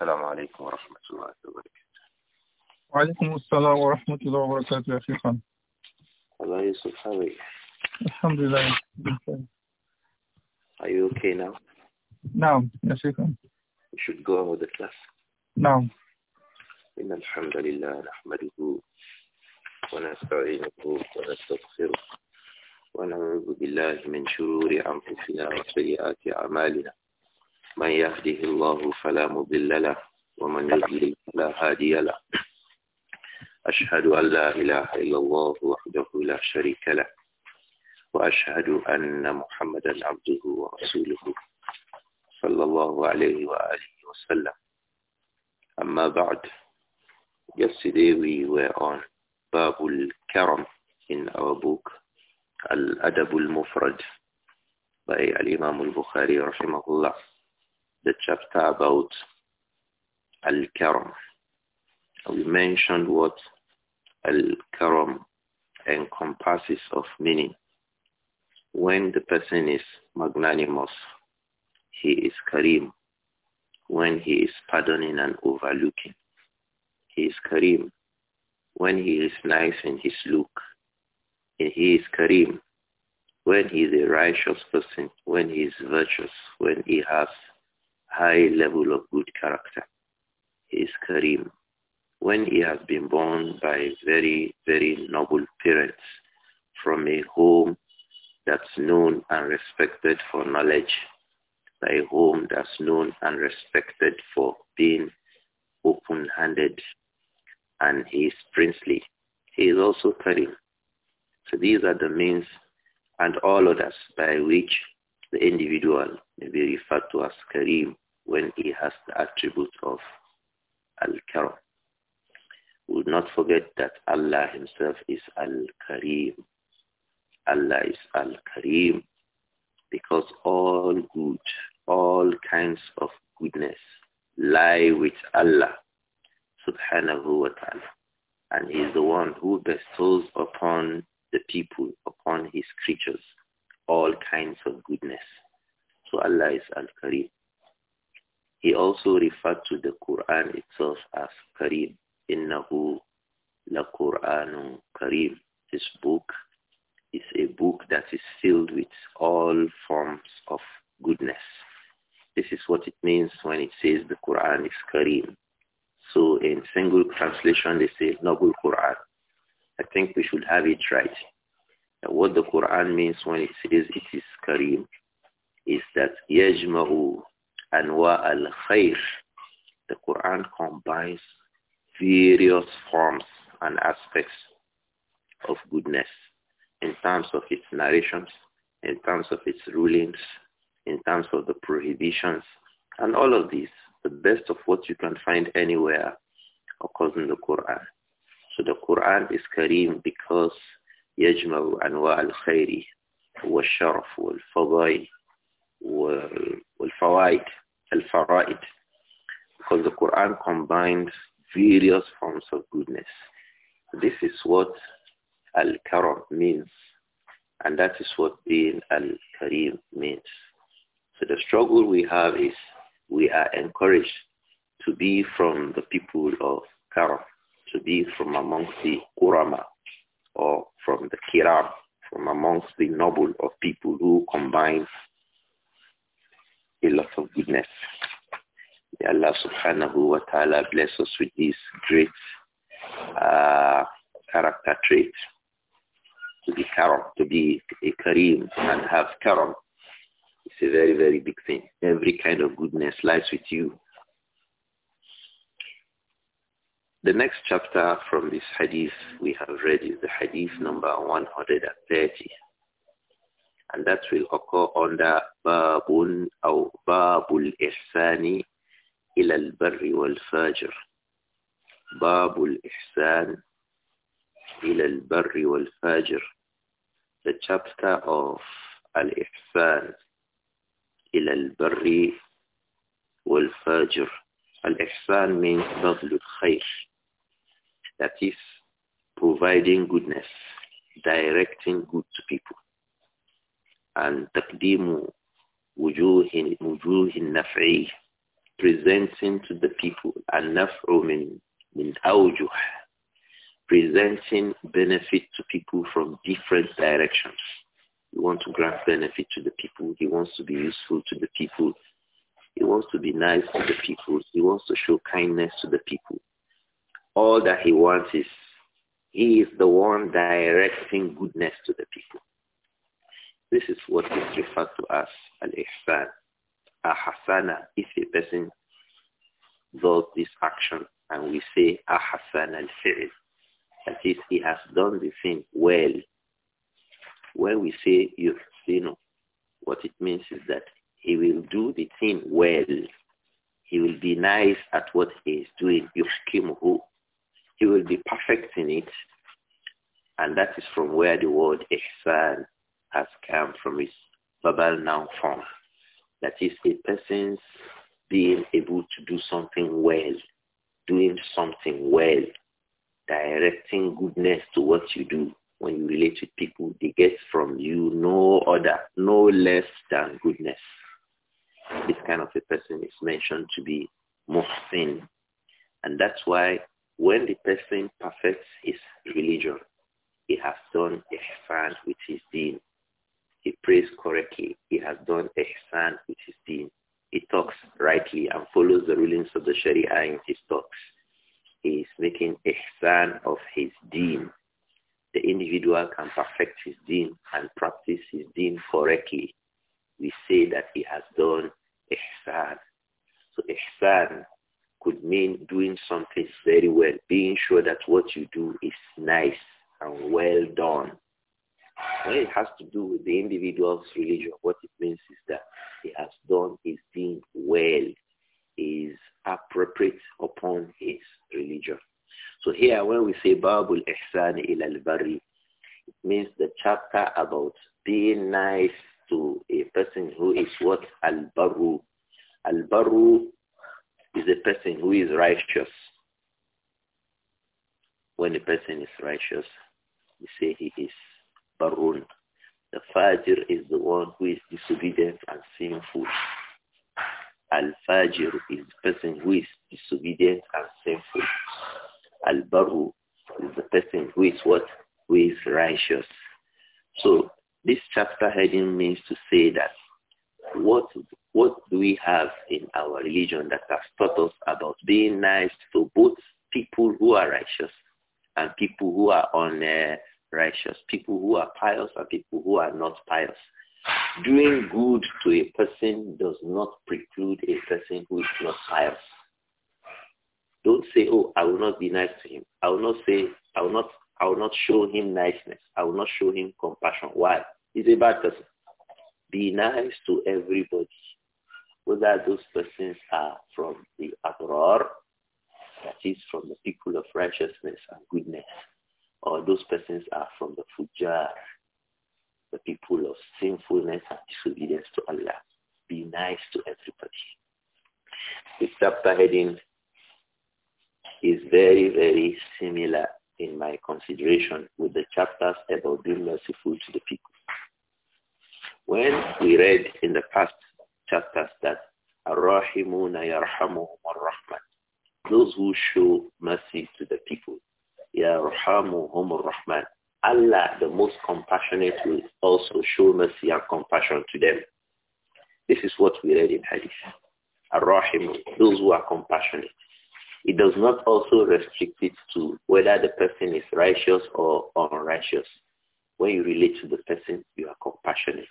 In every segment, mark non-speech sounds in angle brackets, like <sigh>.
السلام عليكم ورحمة الله وبركاته وعليكم السلام ورحمة الله وبركاته يا شيخنا الله يسلمك الحمد لله Are you okay now? نعم يا شيخ You should go on with the class نعم إن الحمد لله نحمده ونستعينه ونستغفره ونعوذ بالله من شرور أنفسنا وسيئات أعمالنا من يهده الله فلا مضل له ومن يضلل فلا هادي له أشهد أن لا إله إلا الله وحده لا شريك له وأشهد أن محمدا عبده ورسوله صلى الله عليه وآله وسلم أما بعد Yesterday we were on Babul الكرم in our book الأدب المفرد by al البخاري رحمه الله the chapter about Al-Karam. We mentioned what Al-Karam encompasses of meaning. When the person is magnanimous, he is Karim. When he is pardoning and overlooking, he is Karim. When he is nice in his look, he is Karim. When he is a righteous person, when he is virtuous, when he has high level of good character. He is Karim. When he has been born by very, very noble parents from a home that's known and respected for knowledge, by a home that's known and respected for being open-handed, and he is princely. He is also Karim. So these are the means and all others by which the individual may be referred to as Karim when he has the attribute of al karim We will not forget that Allah himself is Al-Karim. Allah is Al-Karim because all good, all kinds of goodness lie with Allah subhanahu wa ta'ala. And he is the one who bestows upon the people, upon his creatures, all kinds of goodness. So Allah is Al-Karim. He also referred to the Quran itself as Karim. Innahu la Quranu Karim. This book is a book that is filled with all forms of goodness. This is what it means when it says the Quran is Karim. So in single translation, they say Noble Quran. I think we should have it right. Now, what the Quran means when it says it is Karim is that يَجْمَعُ anwa al-khair. The Quran combines various forms and aspects of goodness in terms of its narrations, in terms of its rulings, in terms of the prohibitions, and all of these, the best of what you can find anywhere occurs in the Quran. So the Quran is Kareem because يجمع أنواع الخير والشرف والفضائل والفوائد al-fara'id because the Quran combines various forms of goodness. This is what al-karam means and that is what being al-karim means. So the struggle we have is we are encouraged to be from the people of karam, to be from amongst the kurama, or from the kiram, from amongst the noble of people who combine a lot of goodness. May Allah subhanahu wa ta'ala bless us with this great uh, character trait. To be karam, to be a kareem and have karam. It's a very, very big thing. Every kind of goodness lies with you. The next chapter from this hadith we have read is the hadith number 130 and that will occur under babun or babul ihsani ila al-barri wal-fajr. Babul ihsan ila al-barri wal-fajr. The chapter of al-ihsan ila al-barri wal ihsan means fadlul khair. That is providing goodness, directing good to people and taqdimu wujuhin wujuhin naf'i presenting to the people and naf'u min min awjuh presenting benefit to people from different directions. He wants to grant benefit to the people. He wants to be useful to the people. He wants to be nice to the people. He wants to show kindness to the people. All that he wants is he is the one directing goodness to the people. This is what is referred to as al-ihsan. Ahasana, if a person does this action, and we say ahasan al-fi'l, that is, he has done the thing well. When we say yuhsinu, what it means is that he will do the thing well. He will be nice at what he is doing. Yuhkimuhu. He will be perfect in it. And that is from where the word ihsan has come from his verbal noun form. That is a person's being able to do something well, doing something well, directing goodness to what you do. When you relate with people, they get from you no other, no less than goodness. This kind of a person is mentioned to be muhsin. And that's why when the person perfects his religion, he has done ihsan with his deen. He prays correctly. He has done ihsan with his deen. He talks rightly and follows the rulings of the Sharia in his talks. He is making ihsan of his deen. The individual can perfect his deen and practice his deen correctly. We say that he has done ihsan. So ihsan could mean doing something very well, being sure that what you do is nice and well done. When it has to do with the individual's religion, what it means is that he has done his thing well, is appropriate upon his religion. So here when we say Babul Ihsan il al-Bari, it means the chapter about being nice to a person who is what? Al-Baru. Al-Baru is a person who is righteous. When a person is righteous, we say he is barun. The Fajr is the one who is disobedient and sinful. al Fajr is the person who is disobedient and sinful. Al-baru is the person who is what? Who is righteous. So this chapter heading means to say that what what do we have in our religion that has taught us about being nice to both people who are righteous and people who are on uh, righteous. People who are pious are people who are not pious. Doing good to a person does not preclude a person who is not pious. Don't say, oh, I will not be nice to him. I will not say, I will not, I will not show him niceness. I will not show him compassion. Why? He's a bad person. Be nice to everybody, whether those persons are from the Abrar, that is from the people of righteousness and goodness, or those persons are from the fujar, the people of sinfulness and disobedience to Allah. Be nice to everybody. The chapter heading is very, very similar in my consideration with the chapters about being merciful to the people. When we read in the past chapters that Ar-Rahimuna Ar-Rahman, those who show mercy to the people, Ya Rahamuhumur Rahman. Allah, the most compassionate, will also show mercy and compassion to them. This is what we read in Hadith. Ar-Rahim, those who are compassionate. It does not also restrict it to whether the person is righteous or unrighteous. When you relate to the person, you are compassionate.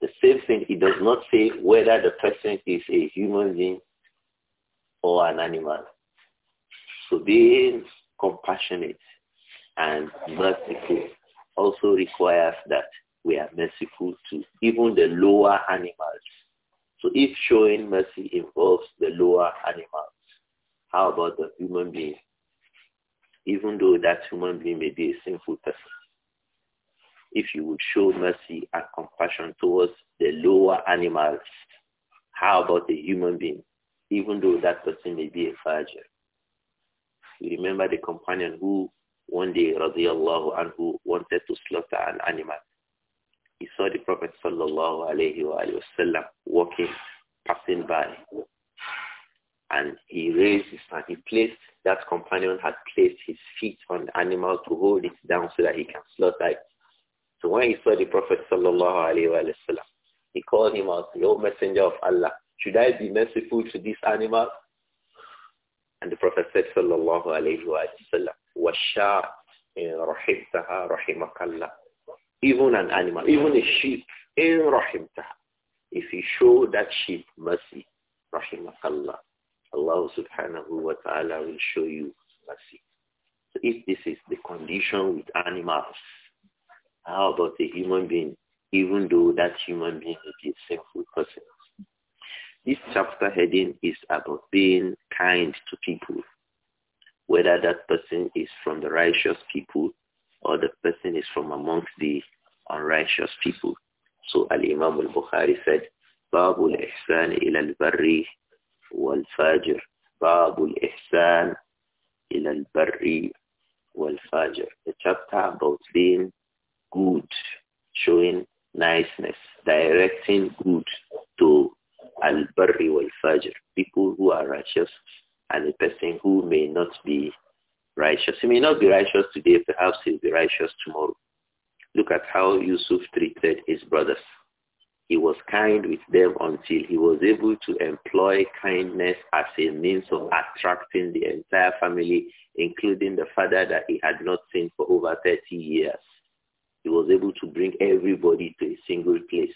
The same thing, it does not say whether the person is a human being or an animal. So being compassionate and merciful also requires that we are merciful to even the lower animals. So if showing mercy involves the lower animals, how about the human being? Even though that human being may be a sinful person, if you would show mercy and compassion towards the lower animals, how about the human being? Even though that person may be a virgin you remember the companion who one day, radiallahu anhu, wanted to slaughter an animal. He saw the Prophet sallallahu alayhi wa sallam walking, passing by. And he raised his hand. He placed, that companion had placed his feet on the animal to hold it down so that he can slaughter it. So when he saw the Prophet sallallahu alayhi wa sallam, he called him out, O Messenger of Allah, should I be merciful to this animal? And the Prophet said, sallallahu alayhi رَحِمْتَهَا رَحِمَكَ اللَّهِ Even an animal, even a sheep, in rahimtaha. If you show that sheep mercy, rahimakallah, Allah subhanahu wa ta'ala will show you mercy. So if this is the condition with animals, how about a human being, even though that human being is a sinful person? This chapter heading is about being kind to people, whether that person is from the righteous people or the person is from amongst the unrighteous people. So Al-Imam al-Bukhari said, باب الإحسان إلى البر والفاجر باب الإحسان إلى البر والفاجر The chapter about being good, showing niceness, directing good to al-barri wal-fajr, people who are righteous and a person who may not be righteous. He may not be righteous today, perhaps he'll be righteous tomorrow. Look at how Yusuf treated his brothers. He was kind with them until he was able to employ kindness as a means of attracting the entire family, including the father that he had not seen for over 30 years. He was able to bring everybody to a single place.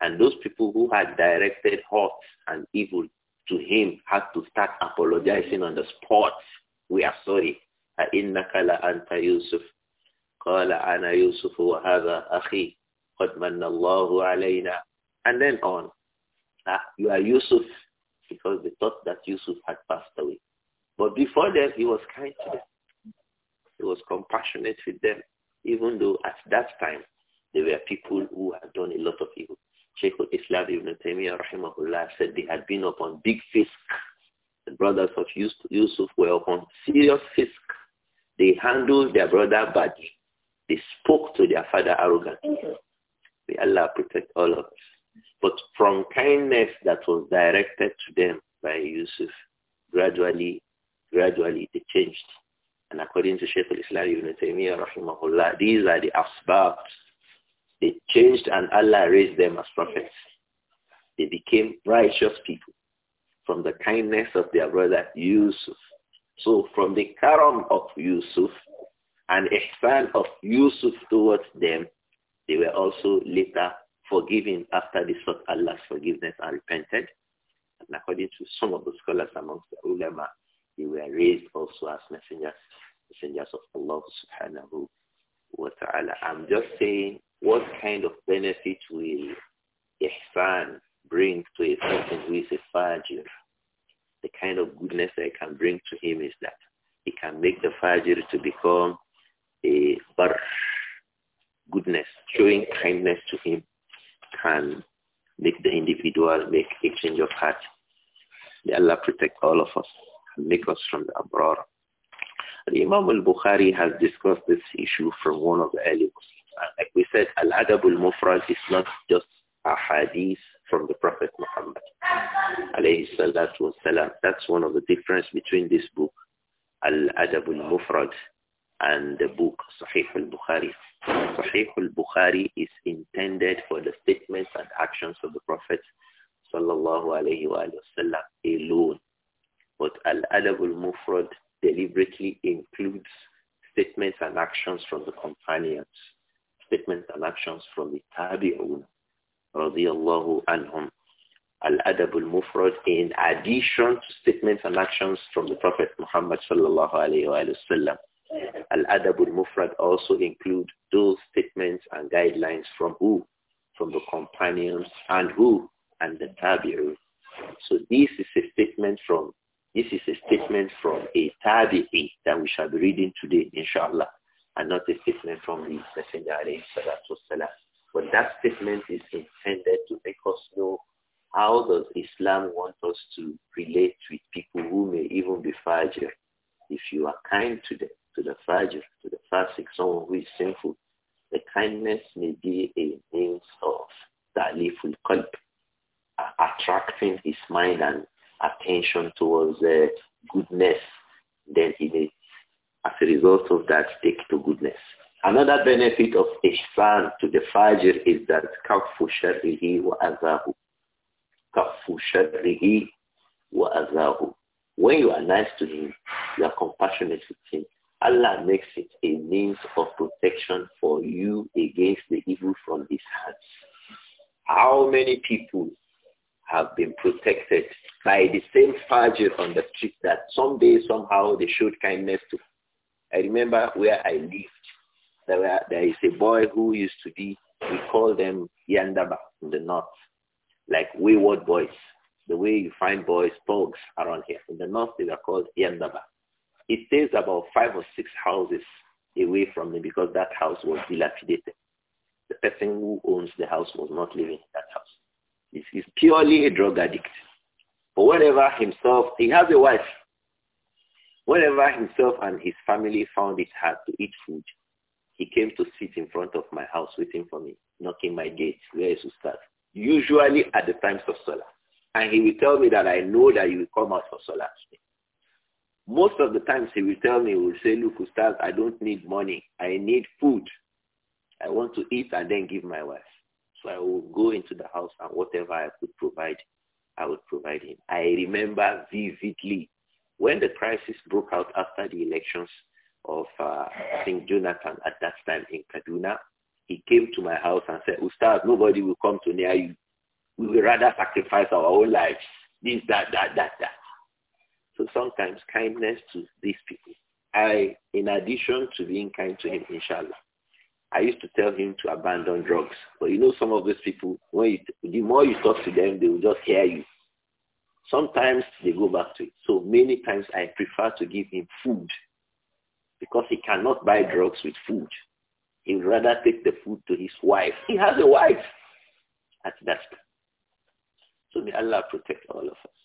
And those people who had directed hurt and evil to him had to start apologizing on the spot. We are sorry. لَأَنْتَ يُوسُفُ قَالَ أَنَا يُوسُفُ وَهَذَا أَخِي قَدْ مَنَّ اللَّهُ عَلَيْنَا And then on. Ah, you are Yusuf because they thought that Yusuf had passed away. But before that, he was kind to them. He was compassionate with them, even though at that time, there were people who had done a lot of evil sheik al-Islam ibn Taymiyyah rahimahullah said they had been upon big fisk. The brothers of Yusuf were upon serious fisk. They handled their brother badly. They spoke to their father arrogantly. May Allah protect all of us. But from kindness that was directed to them by Yusuf, gradually, gradually they changed. And according to sheik al-Islam ibn Taymiyyah rahimahullah, these are the asbabs they changed and Allah raised them as prophets. They became righteous people from the kindness of their brother Yusuf. So from the karam of Yusuf and ihsan of Yusuf towards them, they were also later forgiven after they sought Allah's forgiveness and repented. And according to some of the scholars amongst the ulama, they were raised also as messengers, messengers of Allah subhanahu wa ta'ala. I'm just saying what kind of benefit will fan bring to a person who is a fajr? The kind of goodness I can bring to him is that he can make the fajr to become a bar. Goodness, showing kindness to him can make the individual make a change of heart. May Allah protect all of us and make us from the abroad. Imam al-Bukhari has discussed this issue from one of the early Muslims. Uh, like we said, Al-Adabul Mufrad is not just a hadith from the Prophet Muhammad. Alayhi salatu wasalam. That's one of the difference between this book, Al-Adabul Mufrad, and the book Sahih al-Bukhari. Sahih al-Bukhari is intended for the statements and actions of the Prophet sallallahu alayhi wa sallam alone. But Al-Adab al-Mufrad deliberately includes statements and actions from the companions statements and actions from the Tabi'un, radiallahu anhum, Al-Adab al-Mufrad, in addition to statements and actions from the Prophet Muhammad sallallahu alayhi wa sallam. Al-Adab al-Mufrad also include those statements and guidelines from who? From the companions and who? And the Tabi'un. So this is a statement from this is a statement from a Tabi'i that we shall be reading today, inshallah and not a statement from the messenger alayhi salatu wasalam. But that statement is intended to make us know how does Islam want us to relate with people who may even be fajr. If you are kind to them, to the fajr, to the fasting, someone who is sinful, the kindness may be a means of ta'liful qalb, attracting his mind and attention towards uh, goodness. Then he may as a result of that, take to goodness. Another benefit of ihsan to the fajr is that kafu sharrihi wa azahu. Kafu sharrihi wa azahu. When you are nice to him, you are compassionate with him. Allah makes it a means of protection for you against the evil from his hands. How many people have been protected by the same Fajr on the street that someday somehow they showed kindness to I remember where I lived. There, were, there is a boy who used to be, we call them Yandaba in the north, like wayward boys. The way you find boys, thugs around here. In the north, they are called Yandaba. It stays about five or six houses away from me because that house was dilapidated. The person who owns the house was not living in that house. He's, purely a drug addict. But whenever himself, he has a wife, Whenever himself and his family found it hard to eat food, he came to sit in front of my house waiting for me, knocking my gate. Where is Ustad? Usually at the times of solar, And he will tell me that I know that you will come out for solar. today. Most of the times he will tell me, he will say, look Ustad, I don't need money. I need food. I want to eat and then give my wife. So I will go into the house and whatever I could provide, I would provide him. I remember vividly when the crisis broke out after the elections of, uh, I think, Jonathan at that time in Kaduna, he came to my house and said, Ustaz, nobody will come to near you. We will rather sacrifice our own lives. This, that, that, that, that. So sometimes kindness to these people. I, in addition to being kind to him, inshallah, I used to tell him to abandon drugs. But you know some of those people, when you, the more you talk to them, they will just hear you. Sometimes they go back to it. So many times I prefer to give him food because he cannot buy drugs with food. He would rather take the food to his wife. He has a wife at that time. So may Allah protect all of us.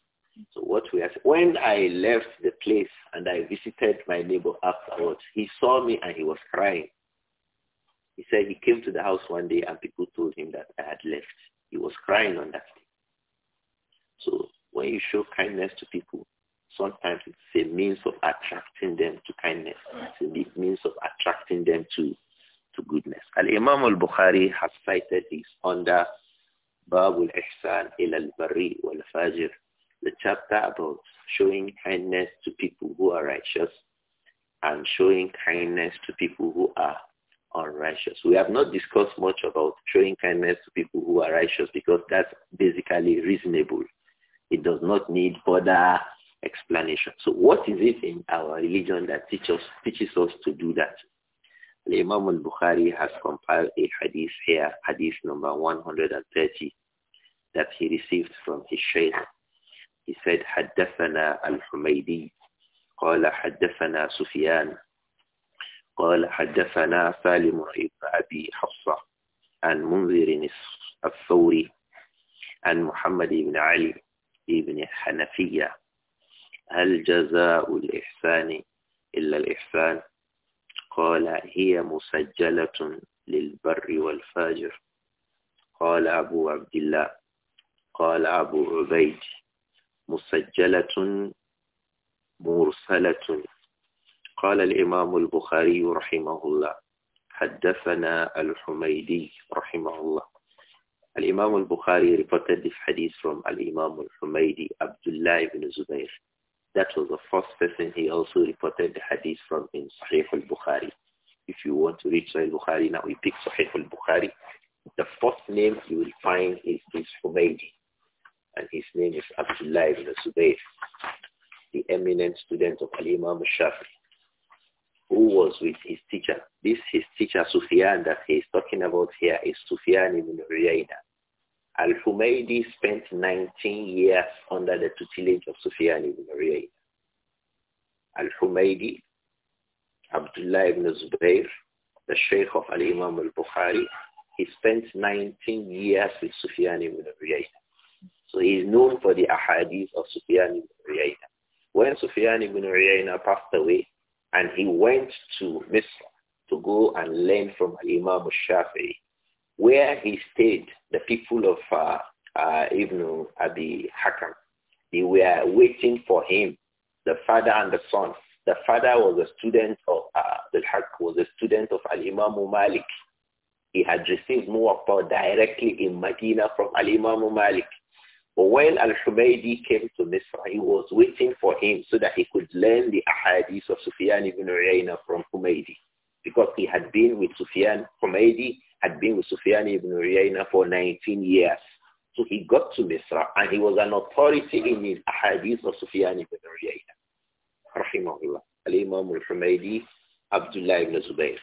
So what we are when I left the place and I visited my neighbor afterwards, he saw me and he was crying. He said he came to the house one day and people told him that I had left. He was crying on that day. So when you show kindness to people, sometimes it's a means of attracting them to kindness. It's a means of attracting them to, to goodness. Al-Imam al-Bukhari has cited this under Bab al-Ihsan ila al-Bari wal-Fajr, the chapter about showing kindness to people who are righteous and showing kindness to people who are unrighteous. We have not discussed much about showing kindness to people who are righteous because that's basically reasonable. It does not need further explanation. So what is it in our religion that teach us, teaches us to do that? The Imam al-Bukhari has compiled a hadith here, hadith number 130, that he received from his shaykh. He said, حدثنا الحميدي قال حدثنا سفيان قال حدثنا سالم بن أبي حفصة عن منذر الثوري عن محمد بن علي ابن حنفية هل جزاء الإحسان إلا الإحسان قال هي مسجلة للبر والفاجر قال أبو عبد الله قال أبو عبيد مسجلة مرسلة قال الإمام البخاري رحمه الله حدثنا الحميدي رحمه الله Al-Imam al-Bukhari reported this hadith from Al-Imam al-Humaydi, Abdullah ibn Zubayr. That was the first person he also reported the hadith from in Sahih al-Bukhari. If you want to read Sahih al-Bukhari now, we pick Sahih al-Bukhari. The first name you will find is this Humaydi. And his name is Abdullah ibn Zubayr, the eminent student of Al-Imam al-Shafi'i who was with his teacher. This his teacher Sufyan that he is talking about here is Sufyan ibn Uyayna. Al-Humaydi spent 19 years under the tutelage of Sufyan ibn Uyayna. Al-Humaydi, Abdullah ibn Zubayr, the Sheikh of Al-Imam al-Bukhari, he spent 19 years with Sufyan ibn Uyayna. So he is known for the ahadith of Sufyan ibn Uyayna. When Sufyan ibn Uyayna passed away, and he went to Misr to go and learn from Imam Shafi'i, where he stayed, the people of uh, uh, Ibn Abi Hakam. They were waiting for him, the father and the son. The father was a student of uh, al was a student of Al-Imam Malik. He had received Muwatta directly in Medina from Al-Imam Malik. But when Al-Humaydi came to Misra, he was waiting for him so that he could learn the ahadith of Sufyan ibn Uyayna from Humaydi. Because he had been with Sufyan, Humaydi had been with Sufyan ibn Uyayna for 19 years. So he got to Misra and he was an authority in his ahadith of Sufyan ibn Uyayna. Rahimahullah. Al-Imam al-Humaydi, Abdullah ibn Zubayr.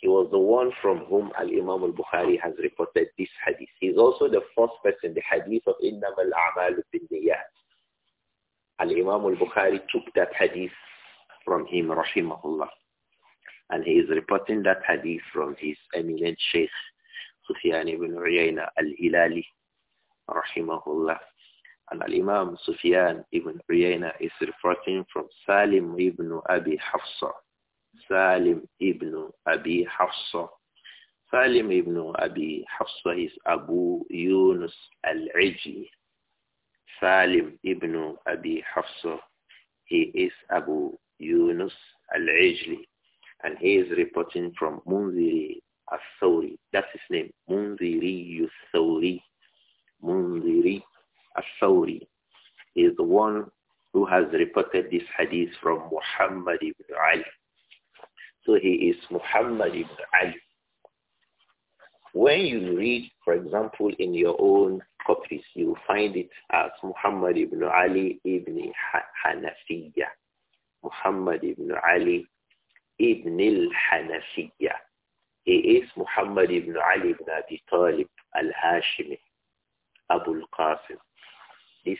He was the one from whom Al-Imam al-Bukhari has reported this hadith. He is also the first person, the hadith of al الاعمال الْأَعْمَالُ بِالنِّيَّاتِ Al-Imam al-Bukhari took that hadith from him, rahimahullah. And he is reporting that hadith from his eminent sheikh, Sufyan ibn Uyayna al-Hilali, rahimahullah. And Al-Imam Sufyan ibn Uyayna is reporting from Salim ibn Abi Hafsa, Salim ibn Abi Hafsa. Salim ibn Abi Hafsa is Abu Yunus al-Ijli. Salim ibn Abi Hafsa, he is Abu Yunus al-Ijli. And he is reporting from Munziri al-Thawri. That's his name, Munziri al-Thawri. Munziri al-Thawri is the one who has reported this hadith from Muhammad ibn Ali he is Muhammad ibn Ali. When you read, for example, in your own copies, you find it as Muhammad ibn Ali ibn Hanafiya. Muhammad ibn Ali ibn al-Hanafiya. He is Muhammad ibn Ali ibn Abi Talib al-Hashimi, Abu al-Qasim. This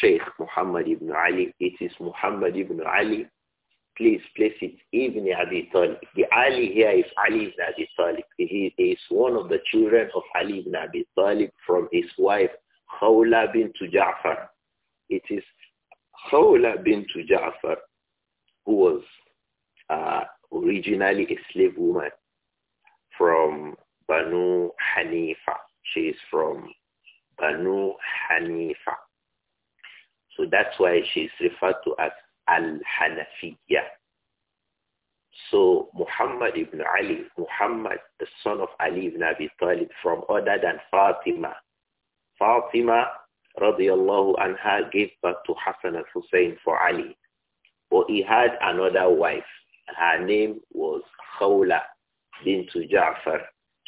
Sheikh Muhammad ibn Ali, it is Muhammad ibn Ali please place it Ibn Abi Talib. The Ali here is Ali ibn Abi Talib. He is one of the children of Ali ibn Abi Talib from his wife Khawla bin Ja'far. It is Khawla bin Ja'far who was uh, originally a slave woman from Banu Hanifa. She is from Banu Hanifa. So that's why she is referred to as al-Hanafiyya. So Muhammad ibn Ali, Muhammad, the son of Ali ibn Abi Talib from other than Fatima. Fatima, radiallahu anha, gave birth to Hassan al-Hussein for Ali. But he had another wife. Her name was Khawla bin Ja'far.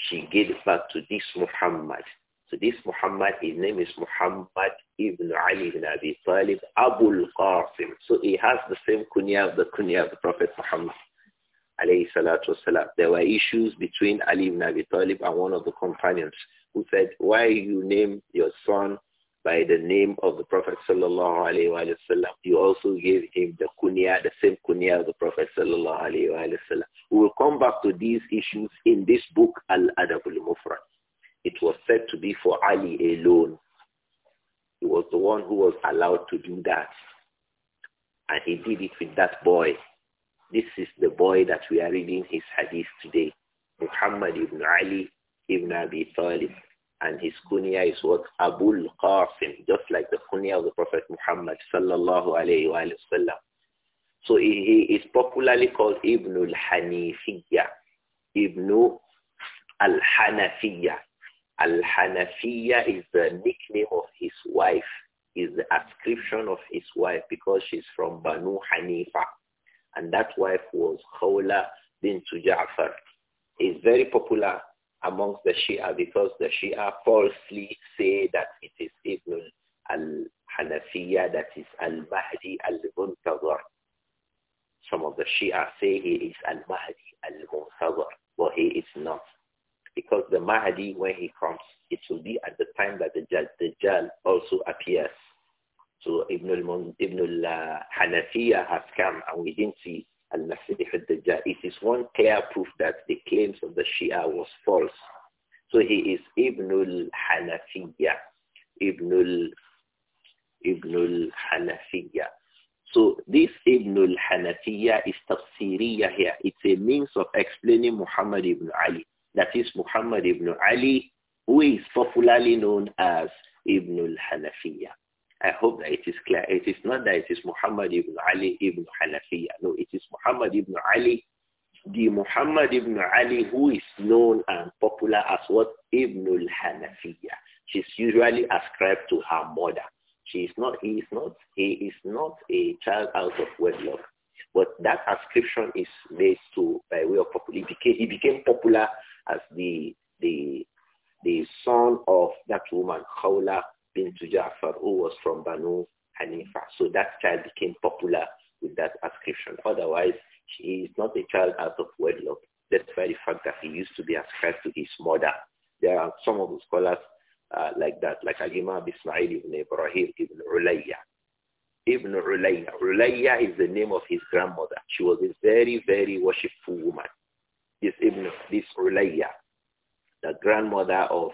She gave birth to this Muhammad. So this Muhammad, his name is Muhammad ibn Ali ibn Abi Talib, Abu al-Qasim. So he has the same kunya of the kunya of the Prophet Muhammad. There were issues between Ali ibn Abi Talib and one of the companions who said, why you name your son by the name of the Prophet sallallahu alayhi wa sallam? You also gave him the kunya, the same kunya of the Prophet sallallahu alayhi wa sallam. We will come back to these issues in this book, Al-Adab al-Mufrad. It was said to be for Ali alone. He was the one who was allowed to do that. And he did it with that boy. This is the boy that we are reading his hadith today. Muhammad ibn Ali ibn Abi Talib. And his kunya is what? Abul Qasim, just like the kunya of the Prophet Muhammad sallallahu alayhi wa sallam. So he is popularly called Ibn al-Hanifiyya, Ibn al-Hanafiyya. Al-Hanafiya is the nickname of his wife, is the ascription of his wife because she's from Banu Hanifa. And that wife was Khawla bin Ja'far. He's very popular amongst the Shia because the Shia falsely say that it is Ibn al-Hanafiya that is al-Mahdi al-Muntazar. Some of the Shia say he is al-Mahdi al-Muntazar, but he is not. Because the Mahdi, when he comes, it will be at the time that the Dajjal also appears. So Ibn al-Hanafiya has come and we didn't see al-Masih al-Dajjal. It is one clear proof that the claims of the Shia was false. So he is Ibn hanafiya Ibn ibn hanafiya So this Ibn al-Hanafiya is tafsiriya here. It's a means of explaining Muhammad ibn Ali. That is Muhammad ibn Ali, who is popularly known as Ibn al-Hanafiyyah. I hope that it is clear. It is not that it is Muhammad ibn Ali ibn al-Hanafiya. No, it is Muhammad ibn Ali, the Muhammad ibn Ali who is known and popular as what? Ibn al-Hanafiyyah. She's usually ascribed to her mother. She is not, he is not, he is not a child out of wedlock. But that ascription is based to, by way of popular, he became popular as the the the son of that woman, Khawla bin Ja'far, who was from Banu Hanifa. So that child became popular with that ascription. Otherwise, he is not a child out of wedlock, despite the fact that he used to be ascribed to his mother. There are some of the scholars uh, like that, like Al-Imam Ismail ibn Ibrahim ibn Ulayya. Ibn Ulayya. Ulayya is the name of his grandmother. She was a very, very worshipful woman. This Ibn this Ulayya, the grandmother of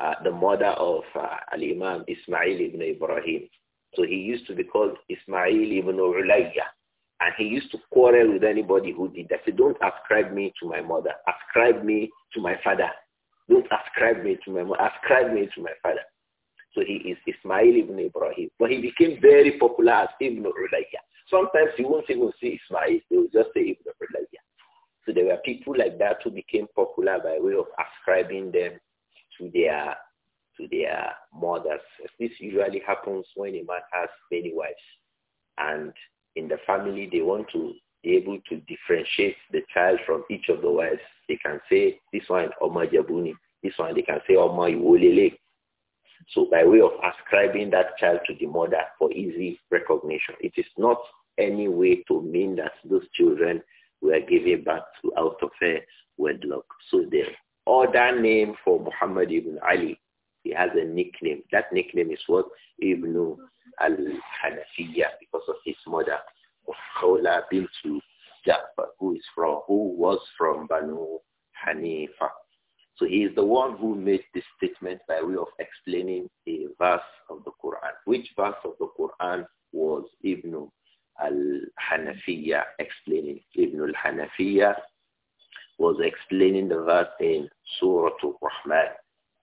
uh, the mother of uh, Al-Imam Ismail ibn Ibrahim. So he used to be called Ismail ibn Ulayya. And he used to quarrel with anybody who did that. He don't ascribe me to my mother. Ascribe me to my father. Don't ascribe me to my mother. Ascribe me to my father. So he is Ismail ibn Ibrahim. But he became very popular as Ibn Ulayya. Sometimes you won't even see Ismail. They will just say Ibn Ulayya. So there were people like that who became popular by way of ascribing them to their to their mothers. This usually happens when a man has many wives. And in the family, they want to be able to differentiate the child from each of the wives. They can say, this one is Oma Jabuni. This one, they can say Oma Iwolele. So by way of ascribing that child to the mother for easy recognition, it is not any way to mean that those children were given back to out of wedlock. So the other name for Muhammad ibn Ali, he has a nickname. That nickname is what? Ibn al-Hanafiya because of his mother, Khawla bint Ja'far, who is from, who was from Banu Hanifa. So he is the one who made this statement by way of explaining a verse of the Quran. Which verse of the Quran was Ibn al-Hanafiya explaining. Ibn al-Hanafiya was explaining the verse in Surah Al-Rahman,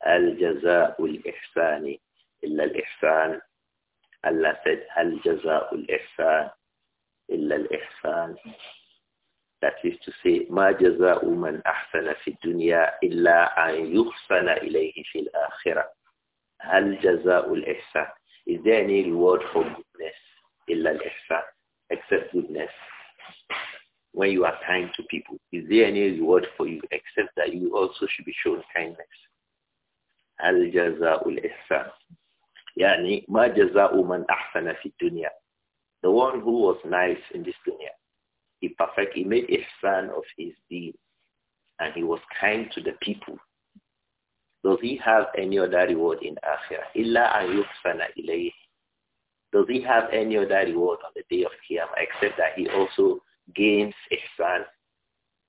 Al-Jaza'u al-Ihsani, illa al-Ihsan. Allah said, Al-Jaza'u al-Ihsan, illa al-Ihsan. That is to say, ما جزاء من أحسن في الدنيا إلا أن يحسن إليه في الآخرة. هل جزاء الإحسان? Is there any reward for goodness? إلا الإحسان except goodness when you are kind to people? Is there any reward for you except that you also should be shown kindness? هل جزاء ihsan يعني ما جزاء من أحسن في الدنيا The one who was nice in this dunya, he perfect, he made ihsan of his deed and he was kind to the people. Does he have any other reward in akhirah? Illa أن إليه does he have any other reward on the day of Qiyamah except that he also gains ihsan?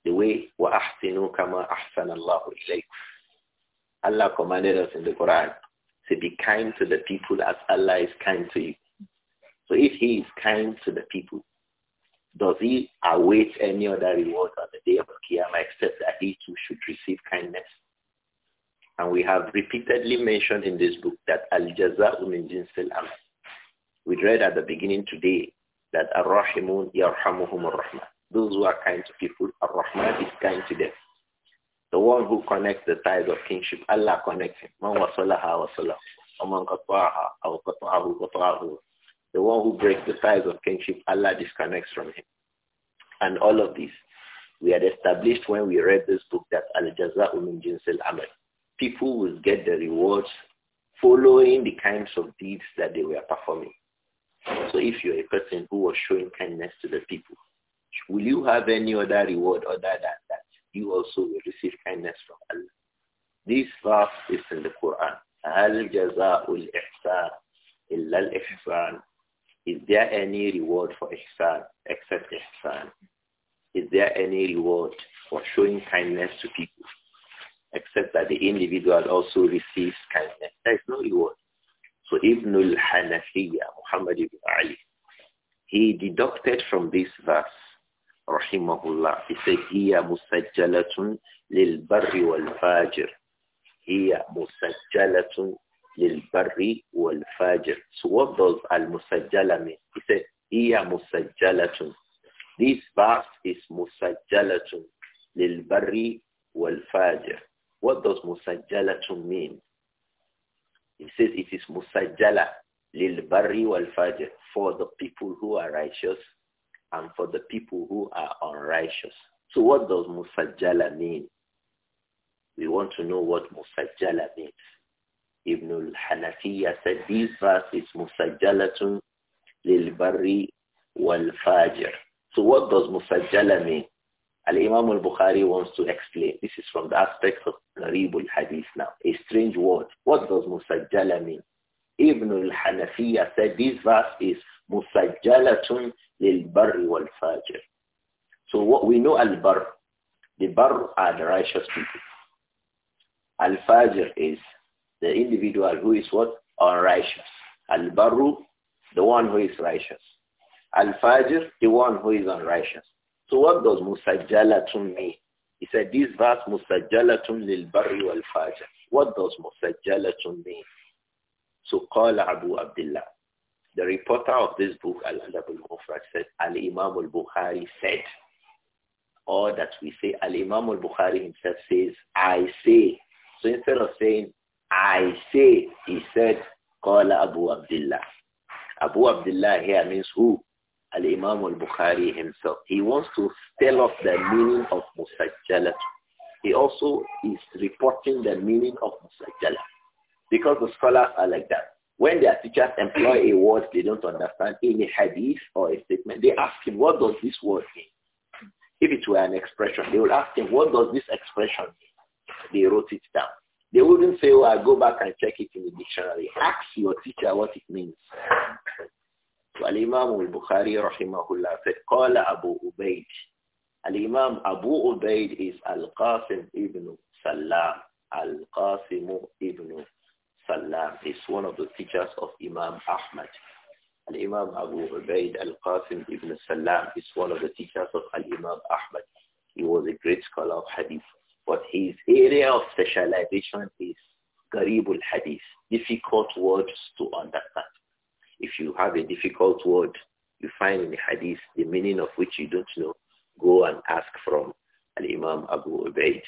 The way وَأَحْسِنُوا كَمَا أَحْسَنَ اللَّهُ إِلَيْكُمْ Allah commanded us in the Quran to be kind to the people as Allah is kind to you. So if he is kind to the people, does he await any other reward on the day of Qiyamah except that he too should receive kindness? And we have repeatedly mentioned in this book that al-jaza'u min jinsil amal we read at the beginning today that Ar-Rahimun Yarhamuhum Ar-Rahman. Those who are kind to people, Ar-Rahman is kind to them. The one who connects the ties of kinship, Allah connects him. Man wasalaha wasalahu. The one who breaks the ties of kinship, Allah disconnects from him. And all of this, we had established when we read this book that Al-Jaza'u min Jinsil Amal. People will get the rewards following the kinds of deeds that they were performing. So if you're a person who was showing kindness to the people, will you have any other reward other than that? You also will receive kindness from Allah. This verse is in the Quran. Is there any reward for ihsan except ihsan? Is there any reward for showing kindness to people except that the individual also receives kindness? There is no reward. So Ibn al hanafiyya Muhammad ibn Ali, he deducted from this verse, rahimahullah, he said, هِيَ مُسَجَّلَةٌ لِلْبَرِّ وَالْفَاجِرِ هِيَ barri لِلْبَرِّ fajr. So what does al-musajjala mean? He said, هِيَ مُسَجَّلَةٌ This verse is musajjalatun lil barri wal fajr. What does musajjalatun mean? He says it is musajjala lil barri wal fajr for the people who are righteous and for the people who are unrighteous. So what does musajjala mean? We want to know what musajjala means. Ibn al-Hanafiya said this verse is musajjalatun lil barri wal fajr. So what does musajjala mean? Al-Imam al-Bukhari wants to explain. This is from the aspect of Naribul Hadith now. A strange word. What does Musajjala mean? Ibn al-Hanafiya said this verse is Musajjalatun lil-Barri wal-Fajr. So what we know al-Barr. The Barr are the righteous people. Al-Fajr is the individual who is what? Unrighteous. Al-Barru, the one who is righteous. Al-Fajr, the one who is unrighteous. So what does musajjalatun mean? He said this verse musajjalatun lil barri wal fajr. What does musajjalatun mean? So call Abu Abdullah. The reporter of this book, Al-Adab al-Mufrad, said Al-Imam al-Bukhari said, or that we say Al-Imam al-Bukhari himself says, I say. So instead of saying, I say, he said, Qala Abu Abdullah. Abu Abdullah here means who? Al-Imam al-Bukhari himself. He wants to tell us the meaning of musajjalat. He also is reporting the meaning of musajjalat. Because the scholars are like that. When their teachers employ a word they don't understand any hadith or a statement, they ask him, what does this word mean? If it were an expression, they will ask him, what does this expression mean? They wrote it down. They wouldn't say, oh, I'll go back and check it in the dictionary. Ask your teacher what it means. والإمام البخاري رحمه الله قال أبو عبيد الإمام أبو عبيد is القاسم ابن سلام القاسم ابن سلام is one of the teachers of Imam Ahmad الإمام أبو عبيد القاسم ابن سلام is one of the teachers of Imam Ahmad he was a great scholar of hadith but his area of specialization is قريب الحديث hadith difficult words to understand If you have a difficult word you find in the hadith, the meaning of which you don't know, go and ask from Al-Imam Abu Ubaid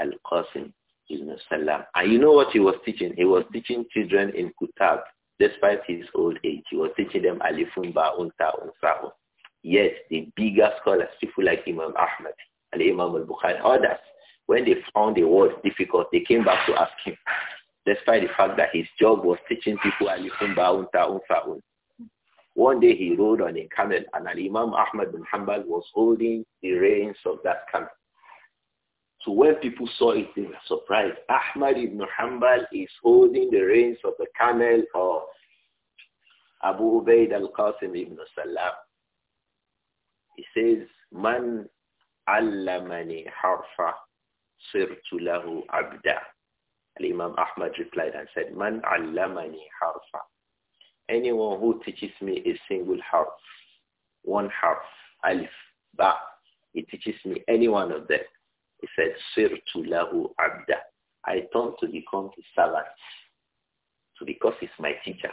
Al-Qasim Ibn Salam. And you know what he was teaching? He was teaching children in Kutab, despite his old age. He was teaching them Alifun Ba Unsahu. Yes, the bigger scholars, people like Imam Ahmad, Al-Imam Al-Bukhari, others, when they found the word difficult, they came back to ask him despite the fact that his job was teaching people Alifumba Unta Unfa'un. One day he rode on a camel and Al Imam Ahmad bin Hanbal was holding the reins of that camel. So when people saw it, they were surprised. Ahmad ibn Hanbal is holding the reins of the camel of Abu Ubaid al-Qasim ibn Salam. He says, Man allamani harfa sirtu lahu abda. Al-Imam Ahmad replied and said, Man allamani harfa. Anyone who teaches me a single harf, one harf, alif, ba, he teaches me any one of them. He said, Sirtu lahu abda. I turn to become his servant. So because he's my teacher,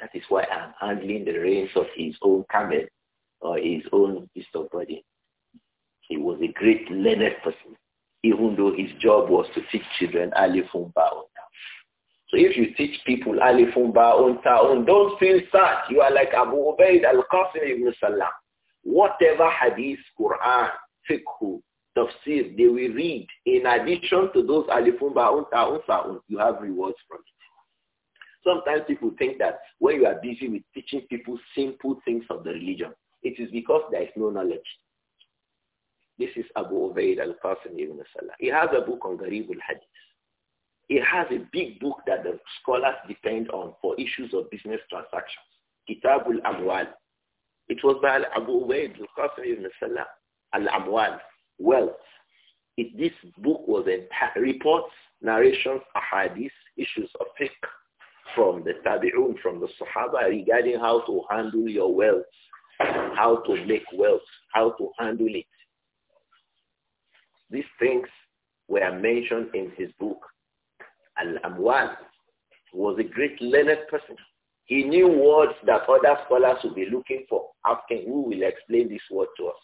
that is why I'm handling the reins of his own camel or his own beast of burden. He was a great learned person even though his job was to teach children Alifun Ba'un So if you teach people Alifun Ba'un don't feel sad. You are like Abu Ubaid al-Qasim ibn Salam. Whatever hadith, Quran, fiqh, tafsir, they will read. In addition to those Alifun Ba'un Ta'un you have rewards from it. Sometimes people think that when you are busy with teaching people simple things of the religion, it is because there is no knowledge. This is Abu Ubaid al-Qasim ibn Salah. He has a book on Garib al-Hadith. He has a big book that the scholars depend on for issues of business transactions, Kitab al-Amwal. It was by Abu Ubaid al-Qasim ibn Salah, al-Amwal, wealth. It, this book was in reports, narrations, ahadith, issues of fiqh from the tabi'un, from the sahaba regarding how to handle your wealth, how to make wealth, how to handle it these things were mentioned in his book. Al-Amwal was a great learned person. He knew words that other scholars would be looking for, asking who will explain this word to us.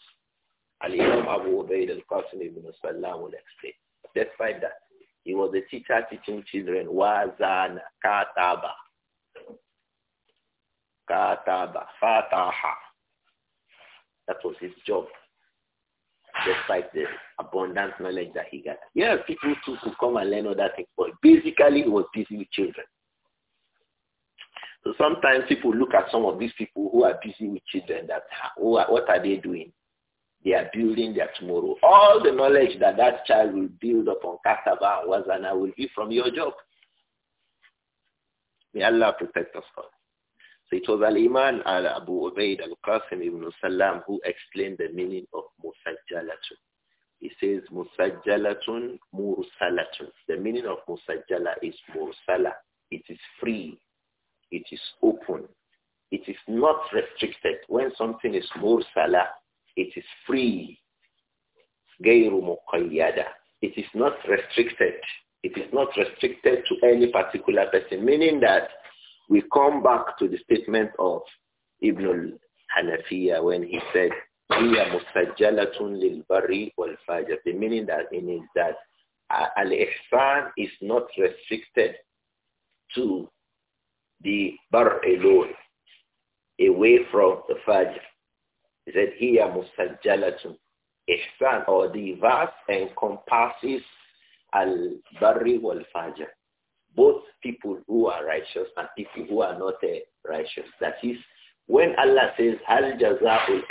Al-Imam Abu Ubaid al-Qasim ibn Salam will explain. Despite that, he was a teacher teaching children wazana, kataba, kataba, fataha. That was his job despite the abundant knowledge that he got. Yes, people too could come and learn other things, but basically he was busy with children. So sometimes people look at some of these people who are busy with children that ah, who are, what are they doing? They are building their tomorrow. All the knowledge that that child will build upon was, and Wazana will be from your job. May Allah protect us all. So it was al Iman Al-Abu Ubaid Al-Qasim ibn Salam who explained the meaning of musajjalatun. He says musajjalatun mursalatun. The meaning of musajjala is mursala. It is free. It is open. It is not restricted. When something is mursala, it is free. Gayru muqayyada. It is not restricted. It is not restricted to any particular person, meaning that we come back to the statement of Ibn al-Hanafiya when he said, هي مسجلة للبر والفاجر. The meaning that it means that uh, al-ihsan is not restricted to the bar alone, away from the fajr. He said, هي مسجلة. Ihsan or the verse encompasses al-barri wal-fajr both people who are righteous and people who are not uh, righteous. That is, when Allah says, Hal jaza'ul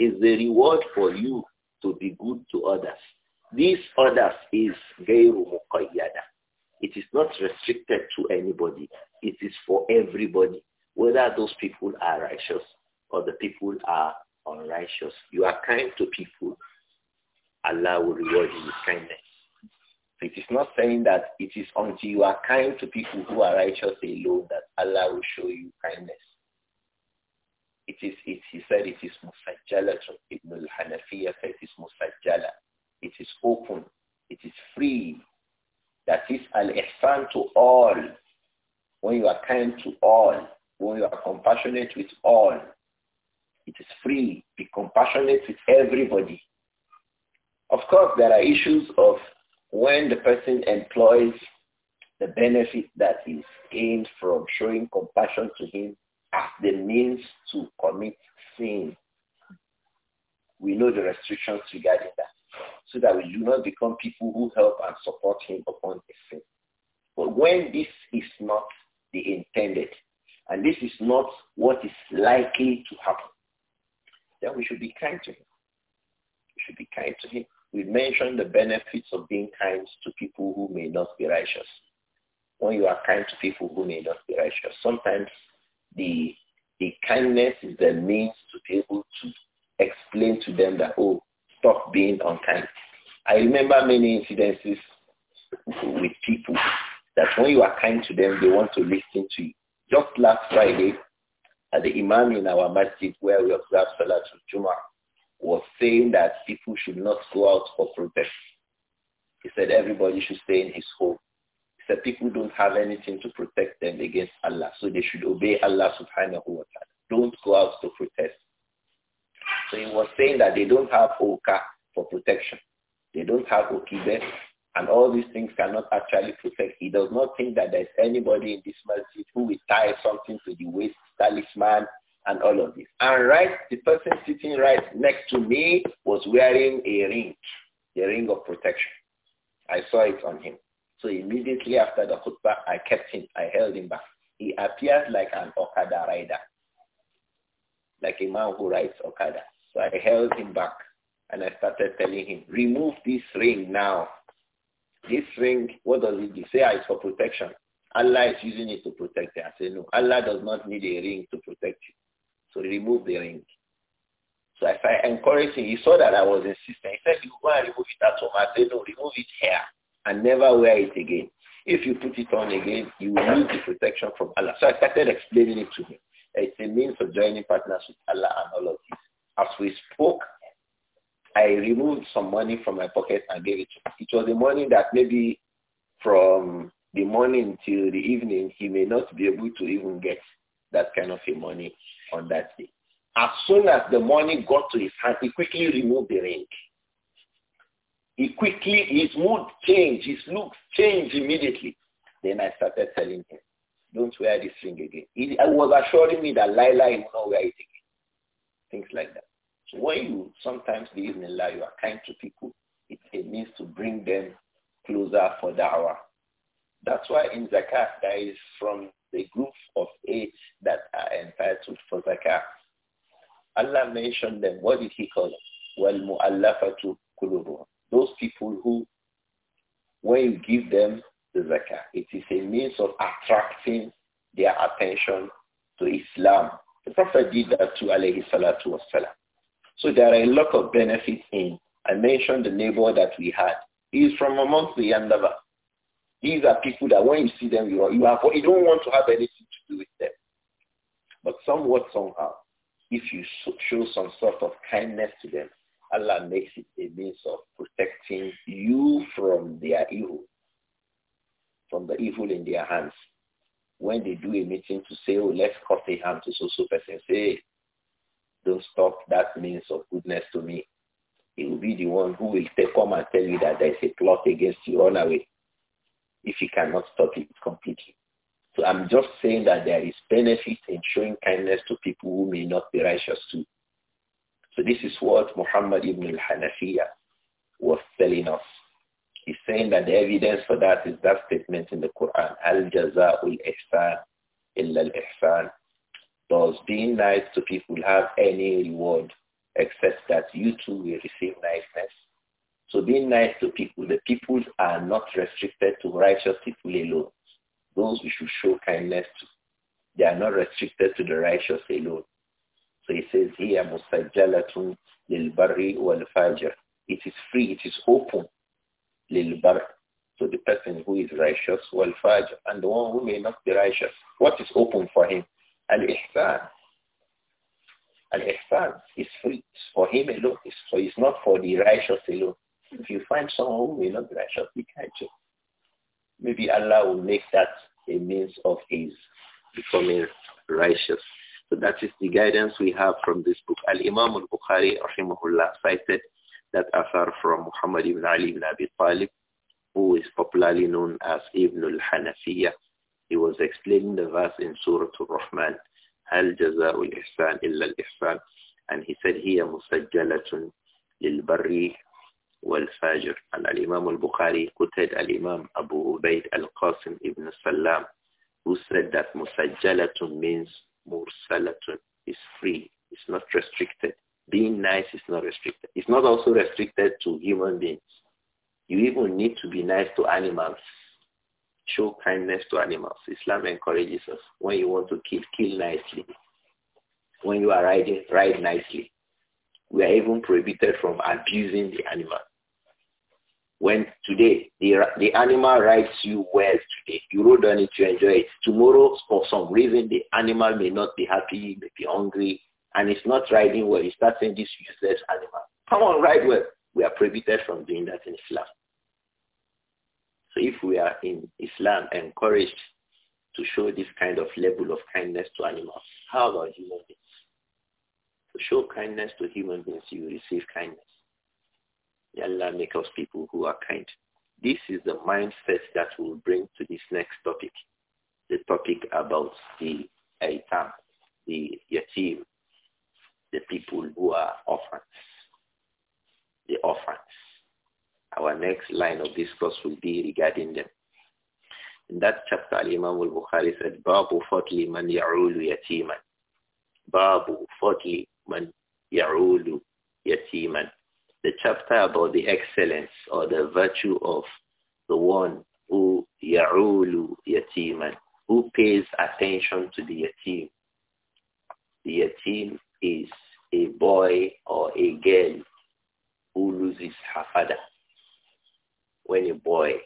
is the reward for you to be good to others. This others is gairu muqayyada. It is not restricted to anybody. It is for everybody, whether those people are righteous or the people are unrighteous. You are kind to people. Allah will reward you with kindness. It is not saying that it is until you are kind to people who are righteous alone that Allah will show you kindness. It is, it, he said it is musajjala from Ibn al-Hanafiya it is musajjala. It is open. It is free. That is al-ihsan to all. When you are kind to all, when you are compassionate with all, it is free. Be compassionate with everybody. Of course, there are issues of when the person employs the benefit that is gained from showing compassion to him as the means to commit sin. We know the restrictions regarding that so that we do not become people who help and support him upon his sin. But when this is not the intended, and this is not what is likely to happen, then we should be kind to him. We should be kind to him. We mentioned the benefits of being kind to people who may not be righteous. When you are kind to people who may not be righteous, sometimes the, the kindness is the means to be able to explain to them that, oh, stop being unkind. I remember many incidences with people that when you are kind to them, they want to listen to you. Just last Friday, at the imam in our masjid where we observe Salatul Jum'ah, was saying that people should not go out for protest. He said everybody should stay in his home. He said people don't have anything to protect them against Allah, so they should obey Allah subhanahu wa ta'ala. Don't go out to protest. So he was saying that they don't have Oka for protection. They don't have Okibe, and all these things cannot actually protect. He does not think that there's anybody in this masjid who will tie something to the waist, talisman, and all of this. And right, the person sitting right next to me was wearing a ring, a ring of protection. I saw it on him. So immediately after the khutbah, I kept him. I held him back. He appeared like an Okada rider, like a man who rides Okada. So I held him back and I started telling him, remove this ring now. This ring, what does it do? Say, ah, it's for protection. Allah is using it to protect them. I say, no, Allah does not need a ring to remove the ring. So I started encouraging. He saw that I was insisting. He said, you go and remove it at home. I said, no, remove it here and never wear it again. If you put it on again, you will lose the protection from Allah. So I started explaining it to him. It's a means of joining partners with Allah and all of this. As we spoke, I removed some money from my pocket and gave it to him. It was the money that maybe from the morning till the evening, he may not be able to even get that kind of a money on that day. As soon as the money got to his hand, he quickly removed the ring. He quickly, his mood changed, his looks changed immediately. Then I started telling him, don't wear this ring again. He I was assuring me that Laila he will not wear it again. Things like that. So when you sometimes believe in Allah, you are kind to people, it means to bring them closer for hour. That's why in zakat, that is from the group of eight that are entitled for zakah. Allah mentioned them. What did he call them? Well, mu'allafatu Those people who, when you give them the zakah, it is a means of attracting their attention to Islam. The Prophet did that to alayhi salatu wassalam. So there are a lot of benefits in. I mentioned the neighbor that we had. He is from amongst the Yandaba. These are people that when you see them, you, are, you, have, you don't want to have anything to do with them. But somewhat, somehow, if you show some sort of kindness to them, Allah makes it a means of protecting you from their evil, from the evil in their hands. When they do a meeting to say, oh, let's cut a hand to so-so person, say, don't stop that means of goodness to me. It will be the one who will take, come and tell you that there is a plot against you, run away if you cannot stop it completely. So I'm just saying that there is benefit in showing kindness to people who may not be righteous too. So this is what Muhammad ibn al-Hanafiya was telling us. He's saying that the evidence for that is that statement in the Quran, Al-Jaza'ul Ihsan illa al-Ihsan. Does being nice to people have any reward except that you too will receive niceness? So being nice to people, the people are not restricted to righteous people alone. Those we should show kindness to. They are not restricted to the righteous alone. So he says here, Musajjalatun lil barri It is free, it is open. Lil So the person who is righteous, wal and the one who may not be righteous. What is open for him? Al ihsan. Al ihsan is free. It's for him alone. It's, so it's not for the righteous alone. If you find someone who may not be righteous, be kind to Maybe Allah will make that a means of his becoming righteous. So that is the guidance we have from this book. Al-Imam al-Bukhari, rahimahullah, cited that affair from Muhammad ibn Ali ibn Abi Talib, who is popularly known as Ibn al-Hanafiyyah. He was explaining the verse in Surah Al-Rahman, al-Ihsan illa al-Ihsan," And he said, هِيَ مُسَجَّلَةٌ لِلْبَرِّ wal Al-Imam bukhari quoted Al-Imam Abu Ubaid al-Qasim ibn Salam, who said that musajjalatun means mursalatun, is free, it's not restricted. Being nice is not restricted. It's not also restricted to human beings. You even need to be nice to animals. Show kindness to animals. Islam encourages us. When you want to kill, kill nicely. When you are riding, ride nicely. We are even prohibited from abusing the animal. When today, the, the animal rides you well today. You rode on it, you enjoy it. Tomorrow, for some reason, the animal may not be happy, may be hungry, and it's not riding well. You start saying this useless animal. Come on, ride well. We are prohibited from doing that in Islam. So if we are in Islam encouraged to show this kind of level of kindness to animals, how about human beings? To show kindness to human beings, you receive kindness. Allah make us people who are kind. This is the mindset that will bring to this next topic, the topic about the aitam, the yatim, the people who are orphans, the orphans. Our next line of discourse will be regarding them. In that chapter, Imam al-Bukhari said, Babu Fatli man ya'ulu yatiman. Babu Fatli man ya'ulu yatiman the chapter about the excellence or the virtue of the one who ya'ulu yatiman, who pays attention to the yatim. The yatim is a boy or a girl who loses her father. When a boy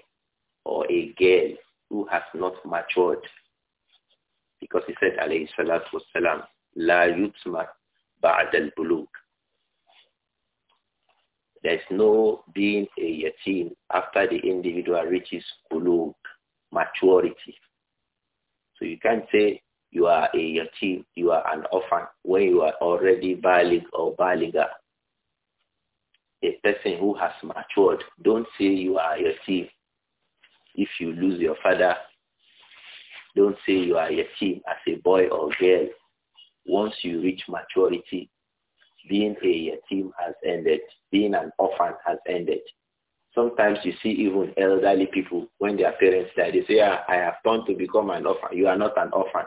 or a girl who has not matured, because he said, alayhi salatu wasalam, la yutma ba'da al-buluk. There's no being a yatim after the individual reaches bulug, maturity. So you can't say you are a yatim, you are an orphan when you are already balig or baliga. A person who has matured, don't say you are a yatim. If you lose your father, don't say you are a yatim as a boy or girl. Once you reach maturity, being a team has ended. Being an orphan has ended. Sometimes you see even elderly people, when their parents die, they say, ah, I have turned to become an orphan. You are not an orphan.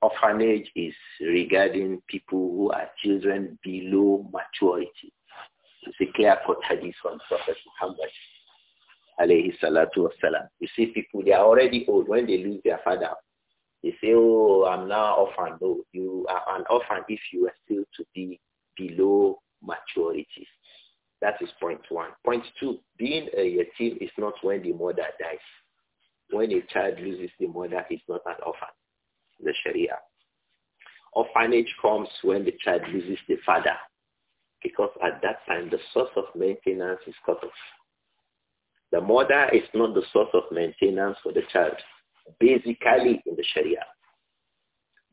Orphanage is regarding people who are children below maturity. It's a clear-cut hadith from Prophet Muhammad You see people, they are already old when they lose their father they say, oh, I'm now orphan. No, you are an orphan if you are still to be below maturity. That is point one. Point two, being a yatim is not when the mother dies. When a child loses the mother, it's not an orphan. The Sharia. Orphanage comes when the child loses the father because at that time the source of maintenance is cut off. The mother is not the source of maintenance for the child basically in the Sharia.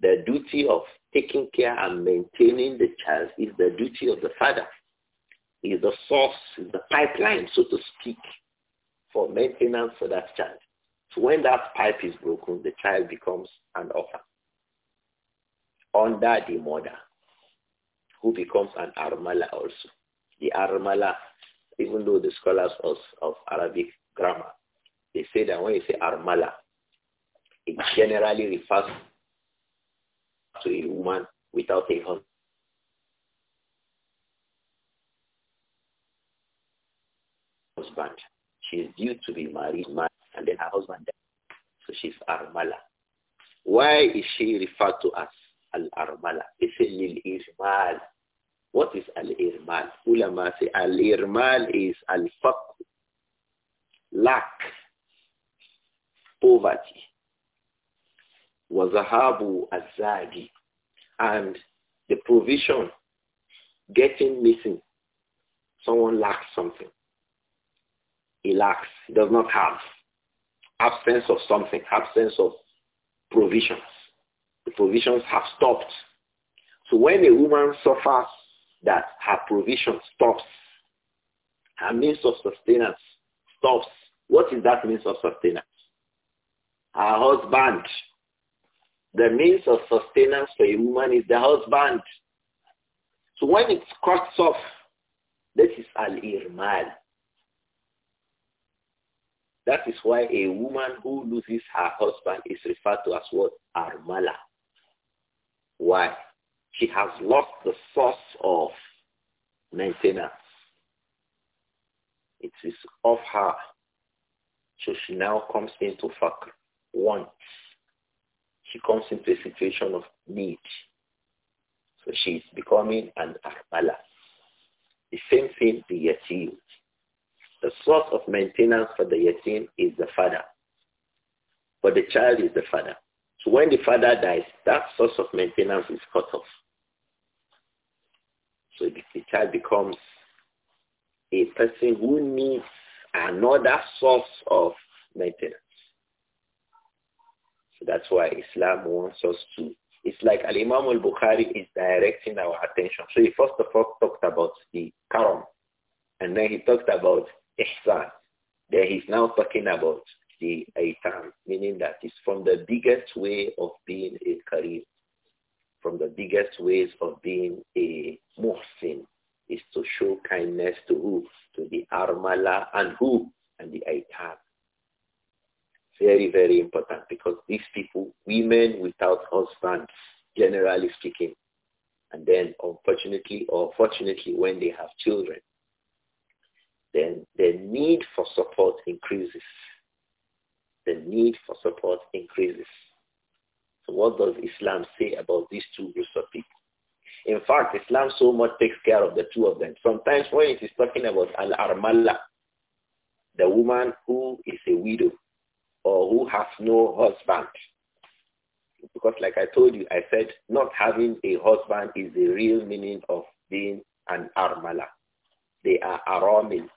The duty of taking care and maintaining the child is the duty of the father. is the source, is the pipeline, so to speak, for maintenance for that child. So when that pipe is broken, the child becomes an orphan under the mother, who becomes an armala also. The armala, even though the scholars of, of Arabic grammar, they say that when you say armala, it generally refers to a woman without a husband. husband. She is due to be married, man, and then her husband died. So she's Armala. Why is she referred to as Al-Armala? It's a Lil-Irmal. What is Al-Irmal? Ulama say Al-Irmal is Al-Faqr, lack, poverty. وَذَهَابُ azadi, And the provision, getting missing. Someone lacks something. He lacks. He does not have. Absence of something. Absence of provisions. The provisions have stopped. So when a woman suffers that her provision stops, her means of sustenance stops, what is that means of sustenance? Her husband the means of sustenance for a woman is the husband. So when it cuts off, this is al-irmal. That is why a woman who loses her husband is referred to as what? Armala. Why? She has lost the source of maintenance. It is of her. So she now comes into fakr, wants she comes into a situation of need. So she is becoming an akbala. The same thing the yatim. The source of maintenance for the yatim is the father. But the child is the father. So when the father dies, that source of maintenance is cut off. So the child becomes a person who needs another source of maintenance. So that's why Islam wants us to. It's like Al-Imam al-Bukhari is directing our attention. So he first of all talked about the karam, and then he talked about ihsan. Then he's now talking about the aitam, meaning that it's from the biggest way of being a karim, from the biggest ways of being a muhsin, is to show kindness to who? To the armala and who? And the aitam very, very important because these people, women without husbands, generally speaking, and then unfortunately or fortunately when they have children, then the need for support increases. The need for support increases. So what does Islam say about these two groups of people? In fact, Islam so much takes care of the two of them. Sometimes when it is talking about al-armala, the woman who is a widow, or who has no husband. Because like I told you, I said not having a husband is the real meaning of being an armala. They are aramil.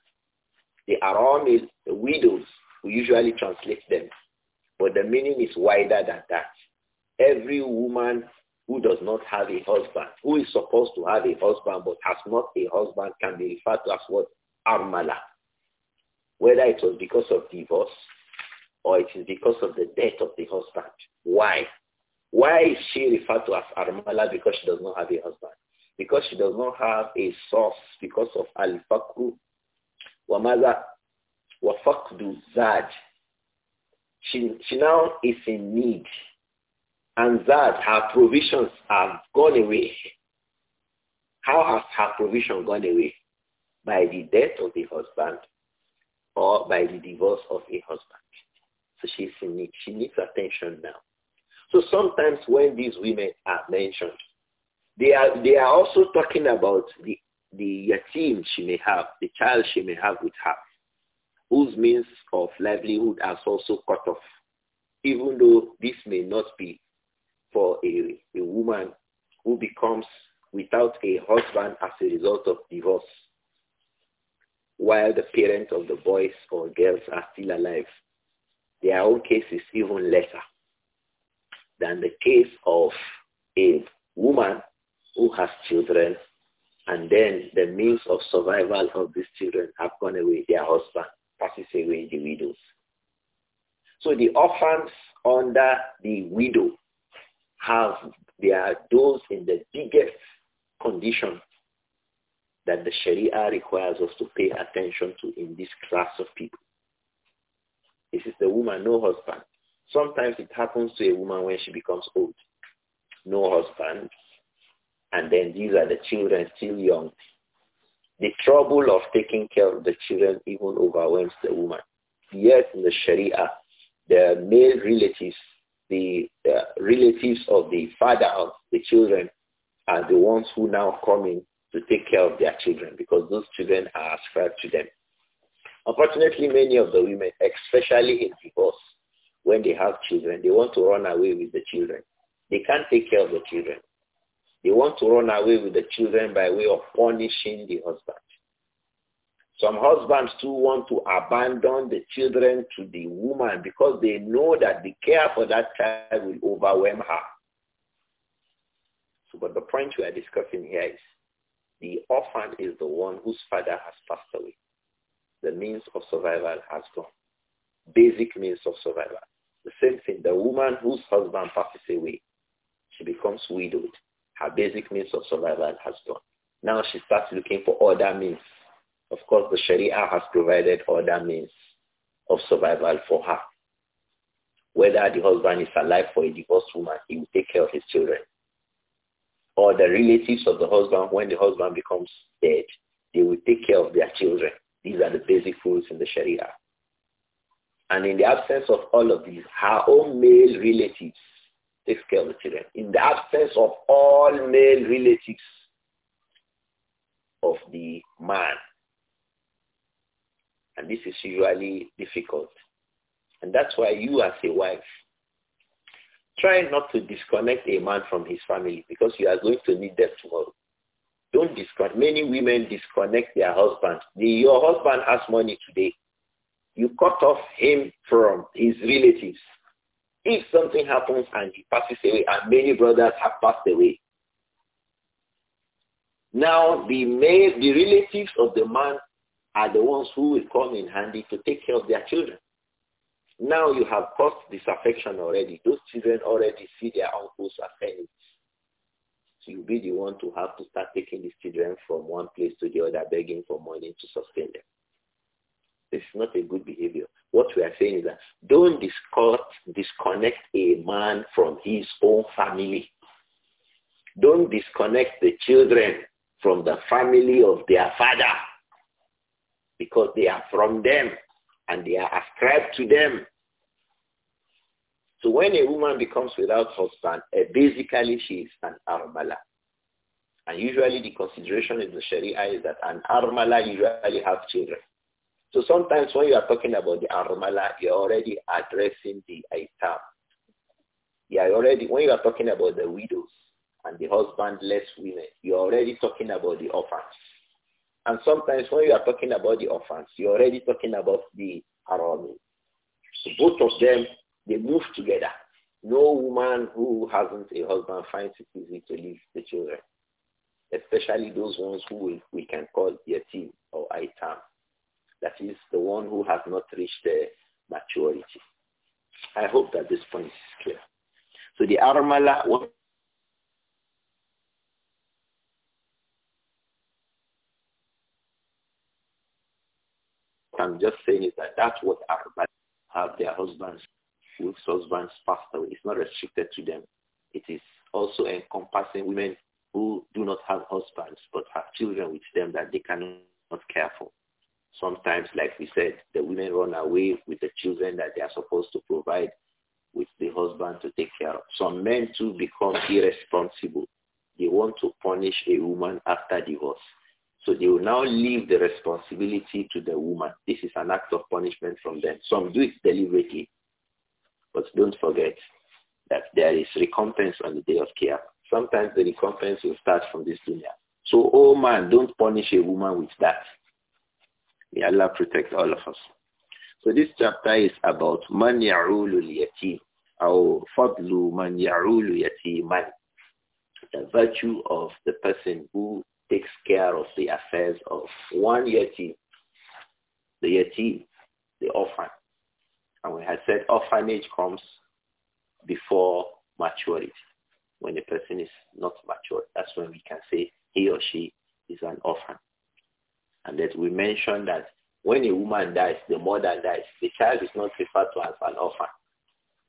The aramil, the widows, we usually translate them. But the meaning is wider than that. Every woman who does not have a husband, who is supposed to have a husband but has not a husband can be referred to as what? Armala. Whether it was because of divorce or it is because of the death of the husband. Why? Why is she referred to as Armala because she does not have a husband? Because she does not have a source because of Al-Fakru. Wamaza Wafakdu Zad. She, she now is in need. And that her provisions have gone away. How has her provision gone away? By the death of the husband or by the divorce of a husband. So She needs attention now. So sometimes when these women are mentioned, they are, they are also talking about the, the yatim she may have, the child she may have with her, whose means of livelihood has also cut off, even though this may not be for a, a woman who becomes without a husband as a result of divorce while the parents of the boys or girls are still alive their own case is even lesser than the case of a woman who has children and then the means of survival of these children have gone away, their husband passes away, the widows. So the orphans under the widow have, they are those in the biggest condition that the Sharia requires us to pay attention to in this class of people. If it's a woman, no husband. Sometimes it happens to a woman when she becomes old. No husband. And then these are the children still young. The trouble of taking care of the children even overwhelms the woman. Yet in the Sharia, the male relatives, the uh, relatives of the father of the children are the ones who now come in to take care of their children because those children are ascribed to them. Unfortunately, many of the women, especially in divorce, when they have children, they want to run away with the children. They can't take care of the children. They want to run away with the children by way of punishing the husband. Some husbands too want to abandon the children to the woman because they know that the care for that child will overwhelm her. So, but the point we are discussing here is the orphan is the one whose father has passed away the means of survival has gone. Basic means of survival. The same thing, the woman whose husband passes away, she becomes widowed. Her basic means of survival has gone. Now she starts looking for other means. Of course, the Sharia has provided other means of survival for her. Whether the husband is alive for a divorced woman, he will take care of his children. Or the relatives of the husband, when the husband becomes dead, they will take care of their children. These are the basic rules in the Sharia. And in the absence of all of these, her own male relatives takes care of the children. In the absence of all male relatives of the man. And this is usually difficult. And that's why you as a wife, try not to disconnect a man from his family because you are going to need them tomorrow. Don't disconnect. Many women disconnect their husband. The, your husband has money today. You cut off him from his relatives. If something happens and he passes away, and many brothers have passed away, now the male, the relatives of the man are the ones who will come in handy to take care of their children. Now you have caused disaffection already. Those children already see their uncles as enemies you'll be the one to have to start taking these children from one place to the other, begging for money to sustain them. This is not a good behavior. What we are saying is that don't disconnect, disconnect a man from his own family. Don't disconnect the children from the family of their father because they are from them and they are ascribed to them so when a woman becomes without husband, uh, basically she is an armala. And usually the consideration in the Sharia is that an armala usually have children. So sometimes when you are talking about the armala, you're already addressing the aitam. You are already, when you are talking about the widows and the husbandless women, you're already talking about the orphans. And sometimes when you are talking about the orphans, you're already talking about the harami. So both of them they move together. No woman who hasn't a husband finds it easy to leave the children, especially those ones who we, we can call yatim or itam. That is the one who has not reached the maturity. I hope that this point is clear. So the Armala, one I'm just saying is that that's what Arabs have their husbands whose husbands passed away. It's not restricted to them. It is also encompassing women who do not have husbands but have children with them that they cannot care for. Sometimes, like we said, the women run away with the children that they are supposed to provide with the husband to take care of. Some men too become irresponsible. They want to punish a woman after divorce. So they will now leave the responsibility to the woman. This is an act of punishment from them. Some do it deliberately. But don't forget that there is recompense on the day of care. Sometimes the recompense will start from this dunya. So, oh man, don't punish a woman with that. May Allah protect all of us. So this chapter is about man ya'ulu yatim or fadlu man ya'ulu yatiman. The virtue of the person who takes care of the affairs of one yatim, the yatim, the orphan. And we had said orphanage comes before maturity. When a person is not mature, that's when we can say he or she is an orphan. And that we mentioned that when a woman dies, the mother dies, the child is not referred to as an orphan.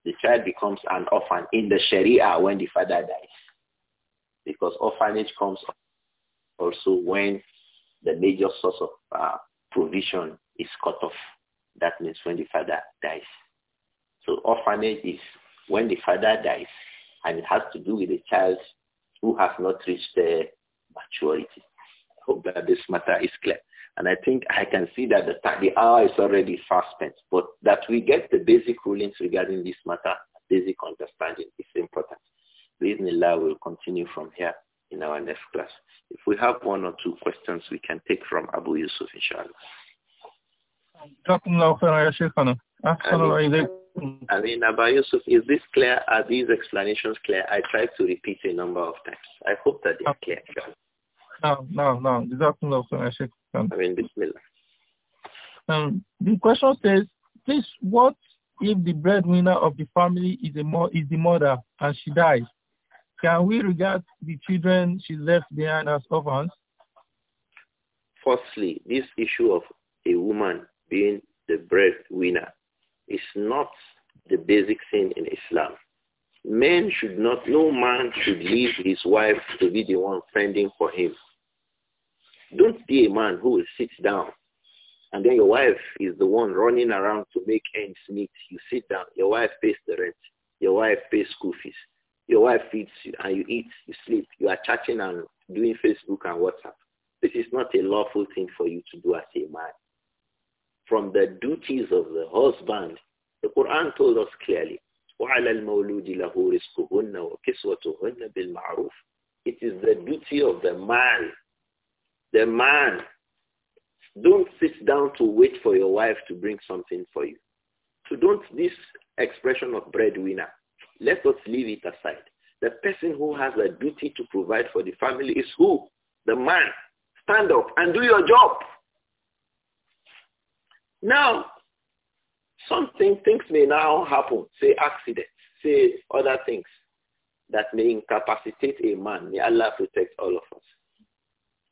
The child becomes an orphan in the Sharia when the father dies. Because orphanage comes also when the major source of uh, provision is cut off that means when the father dies. So orphanage is when the father dies and it has to do with a child who has not reached the maturity. I hope that this matter is clear. And I think I can see that the, time, the hour is already fast spent, but that we get the basic rulings regarding this matter, basic understanding is important. Allah will continue from here in our next class. If we have one or two questions, we can take from Abu Yusuf, inshallah. I mean, Abba Yusuf, is this clear? Are these explanations clear? I tried to repeat a number of times. I hope that they are clear. No, no, no. Jazakumullah I mean, Bismillah. Um, the question says, please, what if the breadwinner of the family is, a mo- is the mother and she dies? Can we regard the children she left behind as orphans? Firstly, this issue of a woman being the breadwinner is not the basic thing in Islam. Men should not, no man should leave his wife to be the one fending for him. Don't be a man who will sit down and then your wife is the one running around to make ends meet. You sit down, your wife pays the rent, your wife pays school fees, your wife feeds you and you eat, you sleep, you are chatting and doing Facebook and WhatsApp. This is not a lawful thing for you to do as a man from the duties of the husband. The Quran told us clearly, وَعَلَى الْمَوْلُودِ لَهُ رِزْقُهُنَّ وَكِسْوَتُهُنَّ بِالْمَعْرُوفِ It is the duty of the man. The man. Don't sit down to wait for your wife to bring something for you. So don't this expression of breadwinner. Let us leave it aside. The person who has a duty to provide for the family is who? The man. Stand up and do your job. Now, something, things may now happen, say accidents, say other things that may incapacitate a man. May Allah protect all of us.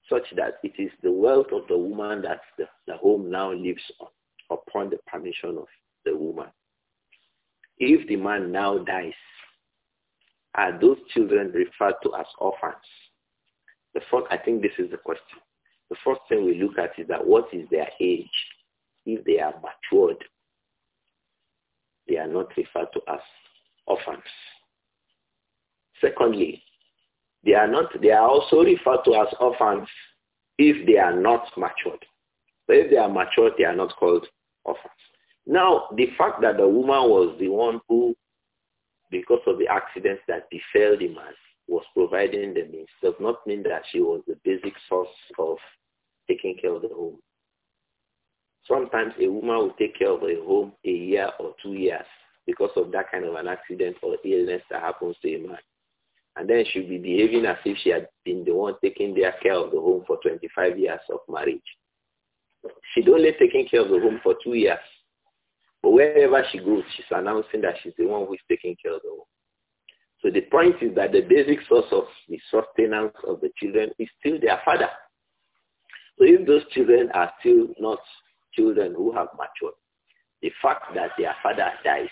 Such that it is the wealth of the woman that the, the home now lives on, upon the permission of the woman. If the man now dies, are those children referred to as orphans? The first, I think this is the question. The first thing we look at is that what is their age? if they are matured. They are not referred to as orphans. Secondly, they are not they are also referred to as orphans if they are not matured. But if they are matured, they are not called orphans. Now, the fact that the woman was the one who, because of the accidents that befell the man, was providing the means does not mean that she was the basic source of taking care of the home. Sometimes a woman will take care of a home a year or two years because of that kind of an accident or illness that happens to a man. And then she'll be behaving as if she had been the one taking their care of the home for 25 years of marriage. she only taking care of the home for two years. But wherever she goes, she's announcing that she's the one who is taking care of the home. So the point is that the basic source of the sustenance of the children is still their father. So if those children are still not children who have matured, the fact that their father dies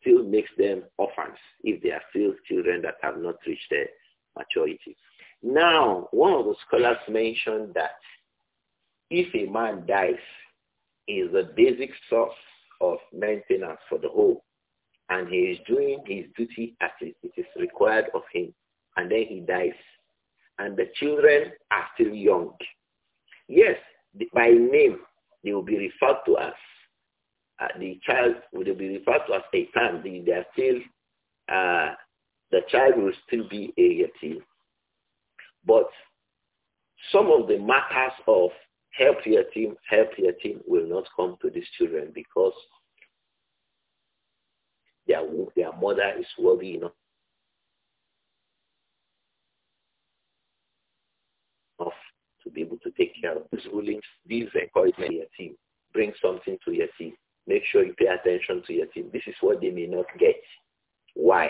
still makes them orphans if they are still children that have not reached their maturity. Now, one of the scholars mentioned that if a man dies, is the basic source of maintenance for the home, and he is doing his duty as it is required of him, and then he dies, and the children are still young. Yes, by name they will be referred to as uh, the child will be referred to as a time. They, they are still uh, the child will still be a yatim. But some of the matters of help team, help team will not come to these children because their, their mother is worthy enough to be able to take care of these rulings, these encouragement your team. Bring something to your team. Make sure you pay attention to your team. This is what they may not get. Why?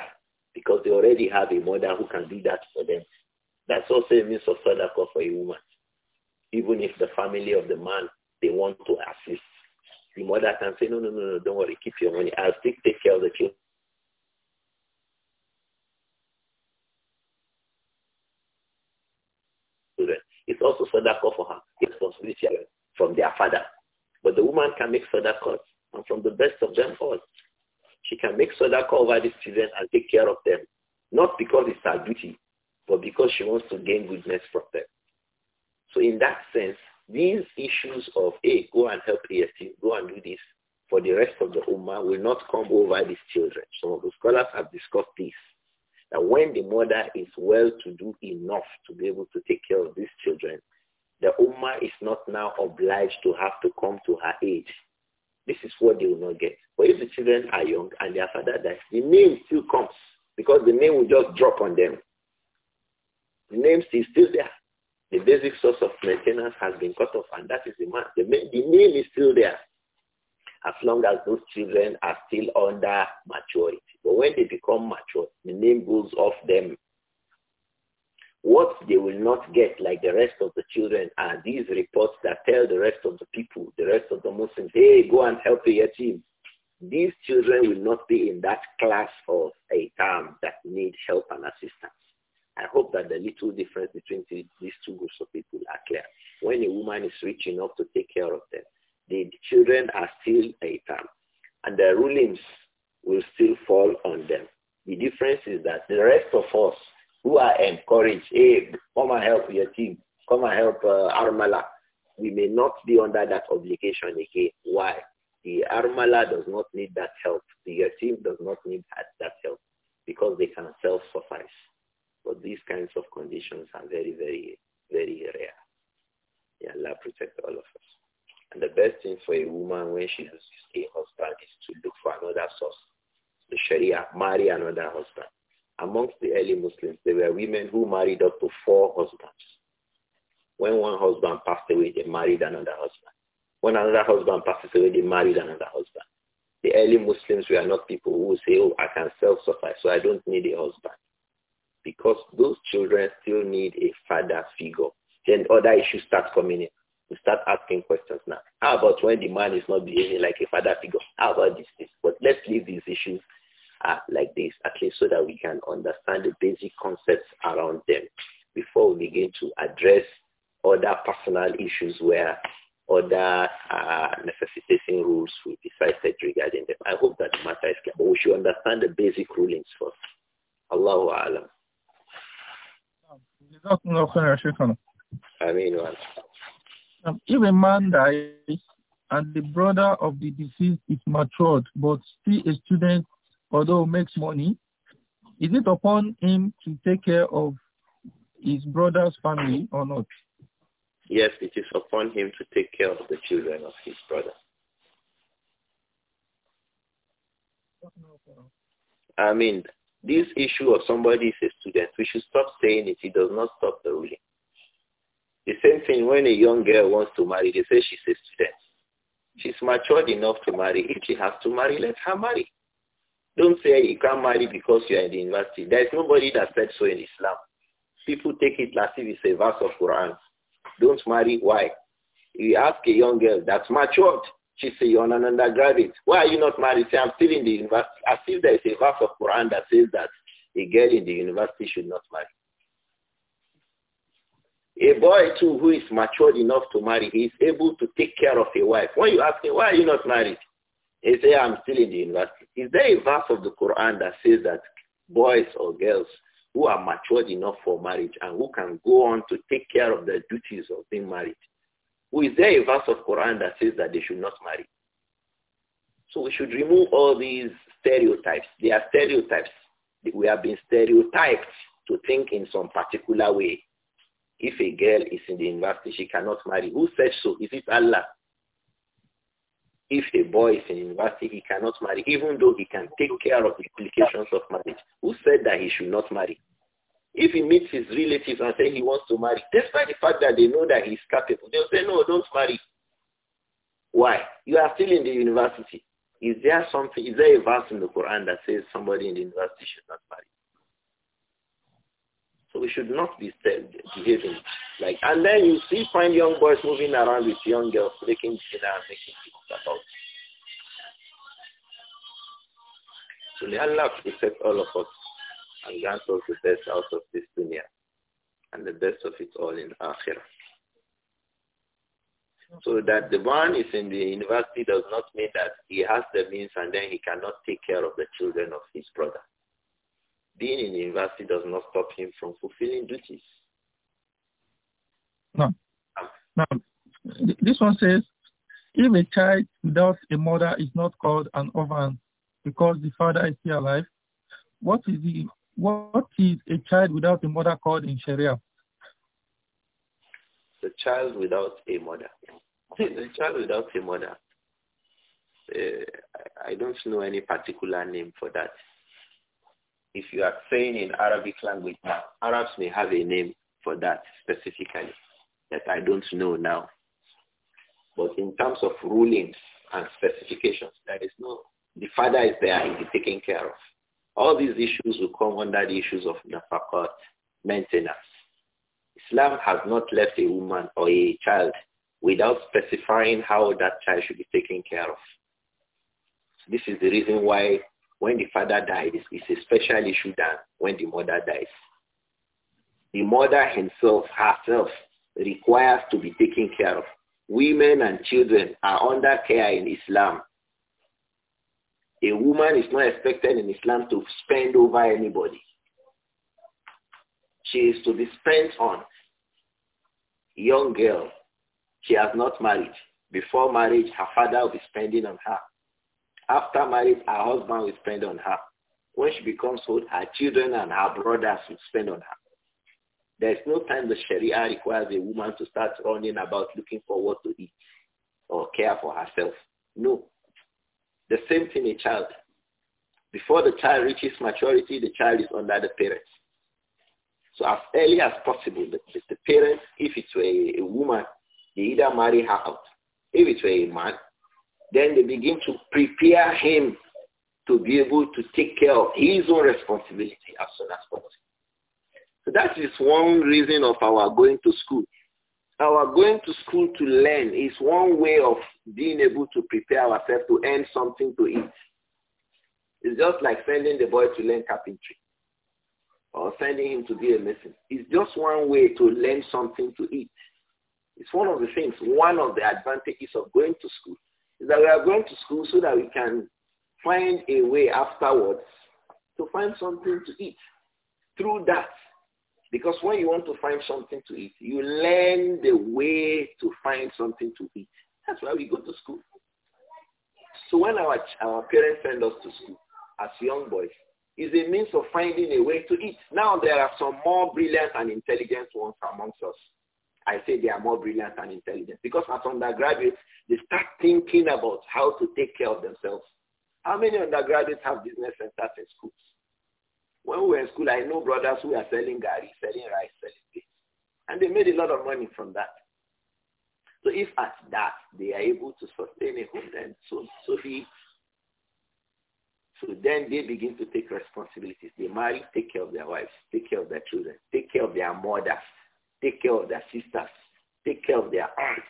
Because they already have a mother who can do that for them. That's also a means of sadaqah for a woman. Even if the family of the man, they want to assist. The mother can say, no, no, no, no, don't worry. Keep your money. I'll take take care of the children call for her responsibility from their father. But the woman can make calls, and from the best of them all. She can make call over these children and take care of them. Not because it's her duty, but because she wants to gain goodness from them. So in that sense, these issues of, hey, go and help AST, go and do this for the rest of the Ummah will not come over these children. Some of the scholars have discussed this, that when the mother is well-to-do enough to be able to take care of these children, the ummah is not now obliged to have to come to her age. This is what they will not get. But if the children are young and their father dies, the name still comes because the name will just drop on them. The name is still there. The basic source of maintenance has been cut off, and that is the man. The, the name is still there as long as those children are still under maturity. But when they become mature, the name goes off them what they will not get like the rest of the children are these reports that tell the rest of the people, the rest of the Muslims, hey, go and help your team. These children will not be in that class of a term that need help and assistance. I hope that the little difference between these two groups of people are clear. When a woman is rich enough to take care of them, the children are still a term, and the rulings will still fall on them. The difference is that the rest of us who are encouraged, hey, come and help your team, come and help uh, Armala. We may not be under that obligation again. Why? The Armala does not need that help. The team does not need that help because they can self-suffice. But these kinds of conditions are very, very, very rare. May Allah protect all of us. And the best thing for a woman when she loses a husband is to look for another source. The Sharia, marry another husband amongst the early Muslims, there were women who married up to four husbands. When one husband passed away, they married another husband. When another husband passes away, they married another husband. The early Muslims were not people who say, oh, I can self-suffice, so I don't need a husband. Because those children still need a father figure. Then other issues start coming in. We start asking questions now. How about when the man is not behaving like a father figure? How about this, this? But let's leave these issues uh, like this, at least so that we can understand the basic concepts around them before we begin to address other personal issues where other uh, necessitating rules will be cited regarding them. I hope that the matter is clear. But we should understand the basic rulings first. Allahu Alam. um, if a man dies and the brother of the deceased is matured but still a student although makes money, is it upon him to take care of his brother's family or not? Yes, it is upon him to take care of the children of his brother. I mean, this issue of somebody is a student, we should stop saying it. It does not stop the ruling. The same thing when a young girl wants to marry, they say she's a student. She's matured enough to marry. If she has to marry, let her marry. Don't say you can't marry because you are in the university. There is nobody that said so in Islam. People take it as if it's a verse of Quran. Don't marry. Why? You ask a young girl that's matured. She say, you're an undergraduate. Why are you not married? Say, I'm still in the university. As if there is a verse of Quran that says that a girl in the university should not marry. A boy too who is matured enough to marry, he is able to take care of a wife. When you ask him, why are you not married? He say, I'm still in the university. Is there a verse of the Quran that says that boys or girls who are matured enough for marriage and who can go on to take care of the duties of being married? Who is there a verse of Quran that says that they should not marry? So we should remove all these stereotypes. They are stereotypes. We have been stereotyped to think in some particular way. If a girl is in the university, she cannot marry. Who said so? Is it Allah? If a boy is in university, he cannot marry, even though he can take care of the implications of marriage. Who said that he should not marry? If he meets his relatives and says he wants to marry, despite the fact that they know that he's capable, they'll say, no, don't marry. Why? You are still in the university. Is there something, is there a verse in the Quran that says somebody in the university should not marry? So we should not be behaving like. And then you see fine young boys moving around with young girls, making dinner and making things about. So may Allah protect all of us and grant us the best out of this dunya and the best of it all in akhirah. So that the one is in the university does not mean that he has the means and then he cannot take care of the children of his brother being in the university does not stop him from fulfilling duties. No. Now, this one says, if a child without a mother is not called an orphan because the father is still alive, what is the what is a child without a mother called in Sharia? The child without a mother. <laughs> The child without a mother. Uh, I don't know any particular name for that. If you are saying in Arabic language now, Arabs may have a name for that specifically that I don't know now. But in terms of rulings and specifications, there is no, the father is there, to be taken care of. All these issues will come under the issues of nafaqat, maintenance. Islam has not left a woman or a child without specifying how that child should be taken care of. This is the reason why when the father dies, it's a special issue than when the mother dies. The mother himself, herself, requires to be taken care of. Women and children are under care in Islam. A woman is not expected in Islam to spend over anybody. She is to be spent on. Young girl, she has not married. Before marriage, her father will be spending on her. After marriage, her husband will spend on her. When she becomes old, her children and her brothers will spend on her. There's no time the Sharia requires a woman to start running about looking for what to eat or care for herself. No. The same thing a child. Before the child reaches maturity, the child is under the parents. So as early as possible, the, the parents, if it's a, a woman, they either marry her out. If it's a man, then they begin to prepare him to be able to take care of his own responsibility as soon as possible. So that is one reason of our going to school. Our going to school to learn is one way of being able to prepare ourselves to earn something to eat. It's just like sending the boy to learn carpentry or sending him to be a mason. It's just one way to learn something to eat. It's one of the things, one of the advantages of going to school is that we are going to school so that we can find a way afterwards to find something to eat through that. Because when you want to find something to eat, you learn the way to find something to eat. That's why we go to school. So when our, our parents send us to school as young boys, is a means of finding a way to eat. Now there are some more brilliant and intelligent ones amongst us I say they are more brilliant and intelligent. Because as undergraduates, they start thinking about how to take care of themselves. How many undergraduates have business centers in schools? When we were in school, I know brothers who are selling gari, selling rice, selling this. And they made a lot of money from that. So if at that they are able to sustain a home, then so, so be so then they begin to take responsibilities. They marry, take care of their wives, take care of their children, take care of their mothers take care of their sisters, take care of their aunts.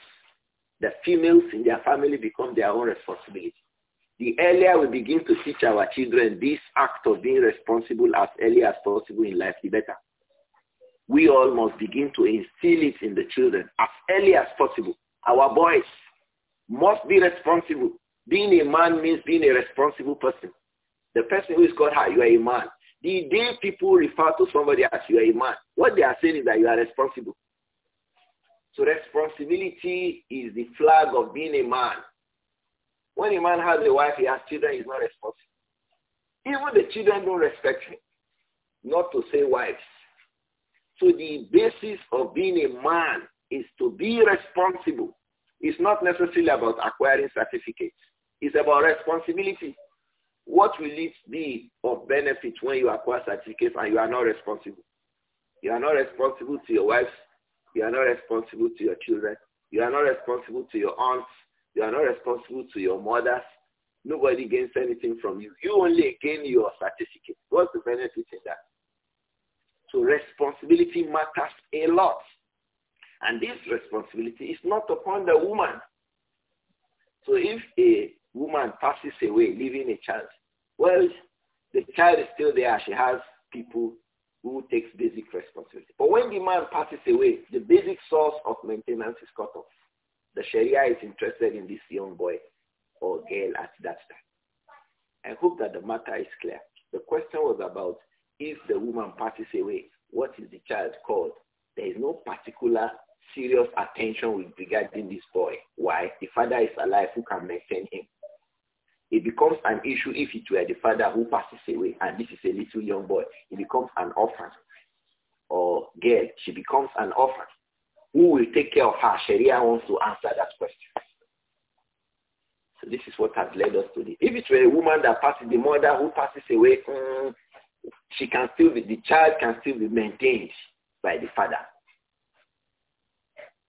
The females in their family become their own responsibility. The earlier we begin to teach our children this act of being responsible as early as possible in life, the better. We all must begin to instill it in the children as early as possible. Our boys must be responsible. Being a man means being a responsible person. The person who is called you are a man. The day people refer to somebody as you are a man, what they are saying is that you are responsible. So responsibility is the flag of being a man. When a man has a wife, he has children, he's not responsible. Even the children don't respect him, not to say wives. So the basis of being a man is to be responsible. It's not necessarily about acquiring certificates. It's about responsibility. What will it be of benefit when you acquire certificates and you are not responsible? You are not responsible to your wife. You are not responsible to your children. You are not responsible to your aunts. You are not responsible to your mothers. Nobody gains anything from you. You only gain your certificate. What's the benefit in that? So responsibility matters a lot. And this responsibility is not upon the woman. So if a woman passes away, leaving a child, well, the child is still there. She has people who takes basic responsibility. But when the man passes away, the basic source of maintenance is cut off. The Sharia is interested in this young boy or girl at that time. I hope that the matter is clear. The question was about if the woman passes away, what is the child called? There is no particular serious attention with regarding this boy. Why? The father is alive who can maintain him. It becomes an issue if it were the father who passes away and this is a little young boy. He becomes an orphan. Or girl, she becomes an orphan. Who will take care of her? Sharia wants to answer that question. So this is what has led us to this. If it were a woman that passes, the mother who passes away, mm, she can still be, the child can still be maintained by the father.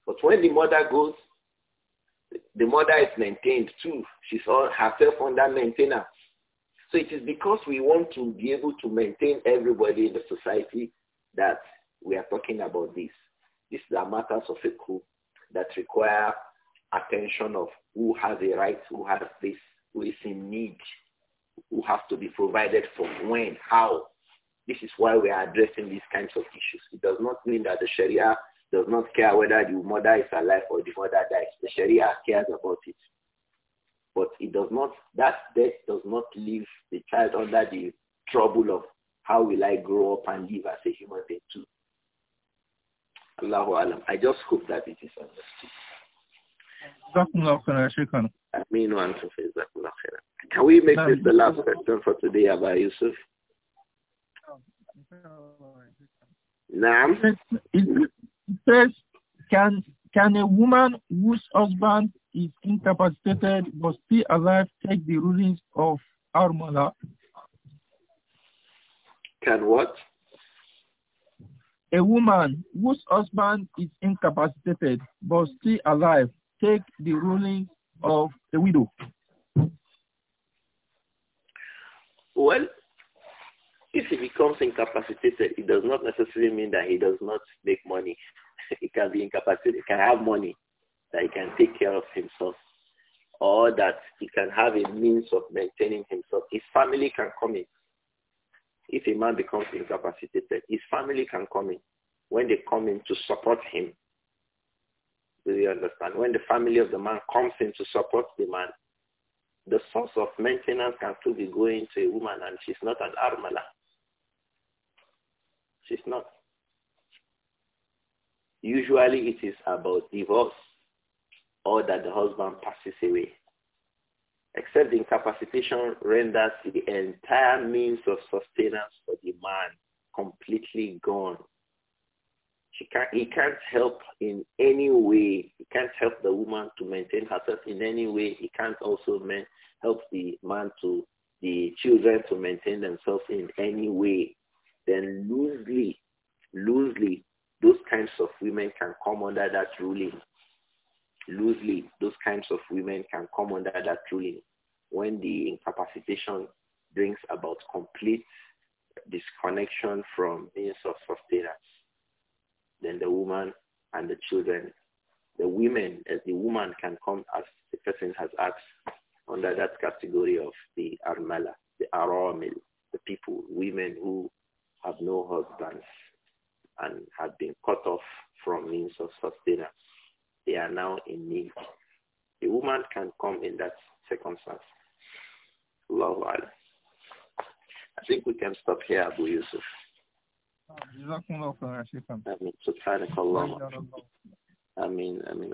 But when the mother goes, the mother is maintained too. She's all herself under maintainer. So it is because we want to be able to maintain everybody in the society that we are talking about this. These are matters of a coup that require attention of who has a right, who has this, who is in need, who has to be provided for, when, how. This is why we are addressing these kinds of issues. It does not mean that the Sharia does not care whether the mother is alive or the mother dies. The Sharia cares about it. But it does not, that death does not leave the child under the trouble of how will I grow up and live as a human being too. Allahu Alam. I just hope that it is understood. Can we make this the last question for today, about Yusuf? Oh, Naam says, can, can a woman whose husband is incapacitated but still alive take the rulings of mother? Can what? A woman whose husband is incapacitated but still alive take the ruling of the widow? Well, if he becomes incapacitated, it does not necessarily mean that he does not make money. <laughs> he can be incapacitated, he can have money that he can take care of himself or that he can have a means of maintaining himself. His family can come in. If a man becomes incapacitated, his family can come in. When they come in to support him, do you understand? When the family of the man comes in to support the man, the source of maintenance can still be going to a woman and she's not an armala. She's not. Usually it is about divorce or that the husband passes away. Except the incapacitation renders the entire means of sustenance for the man completely gone. She can't, he can't help in any way. He can't help the woman to maintain herself in any way. He can't also man, help the man to, the children to maintain themselves in any way then loosely, loosely, those kinds of women can come under that ruling. Loosely, those kinds of women can come under that ruling when the incapacitation brings about complete disconnection from means of sustenance. Then the woman and the children, the women, as eh, the woman can come as the person has asked under that category of the armala, the aramil, the people, women who have no husbands and have been cut off from means of sustenance. They are now in need. A woman can come in that circumstance. Allahu Allah. I think we can stop here, Abu Yusuf. آمين سبحانك اللهم آمين آمين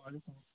أشهد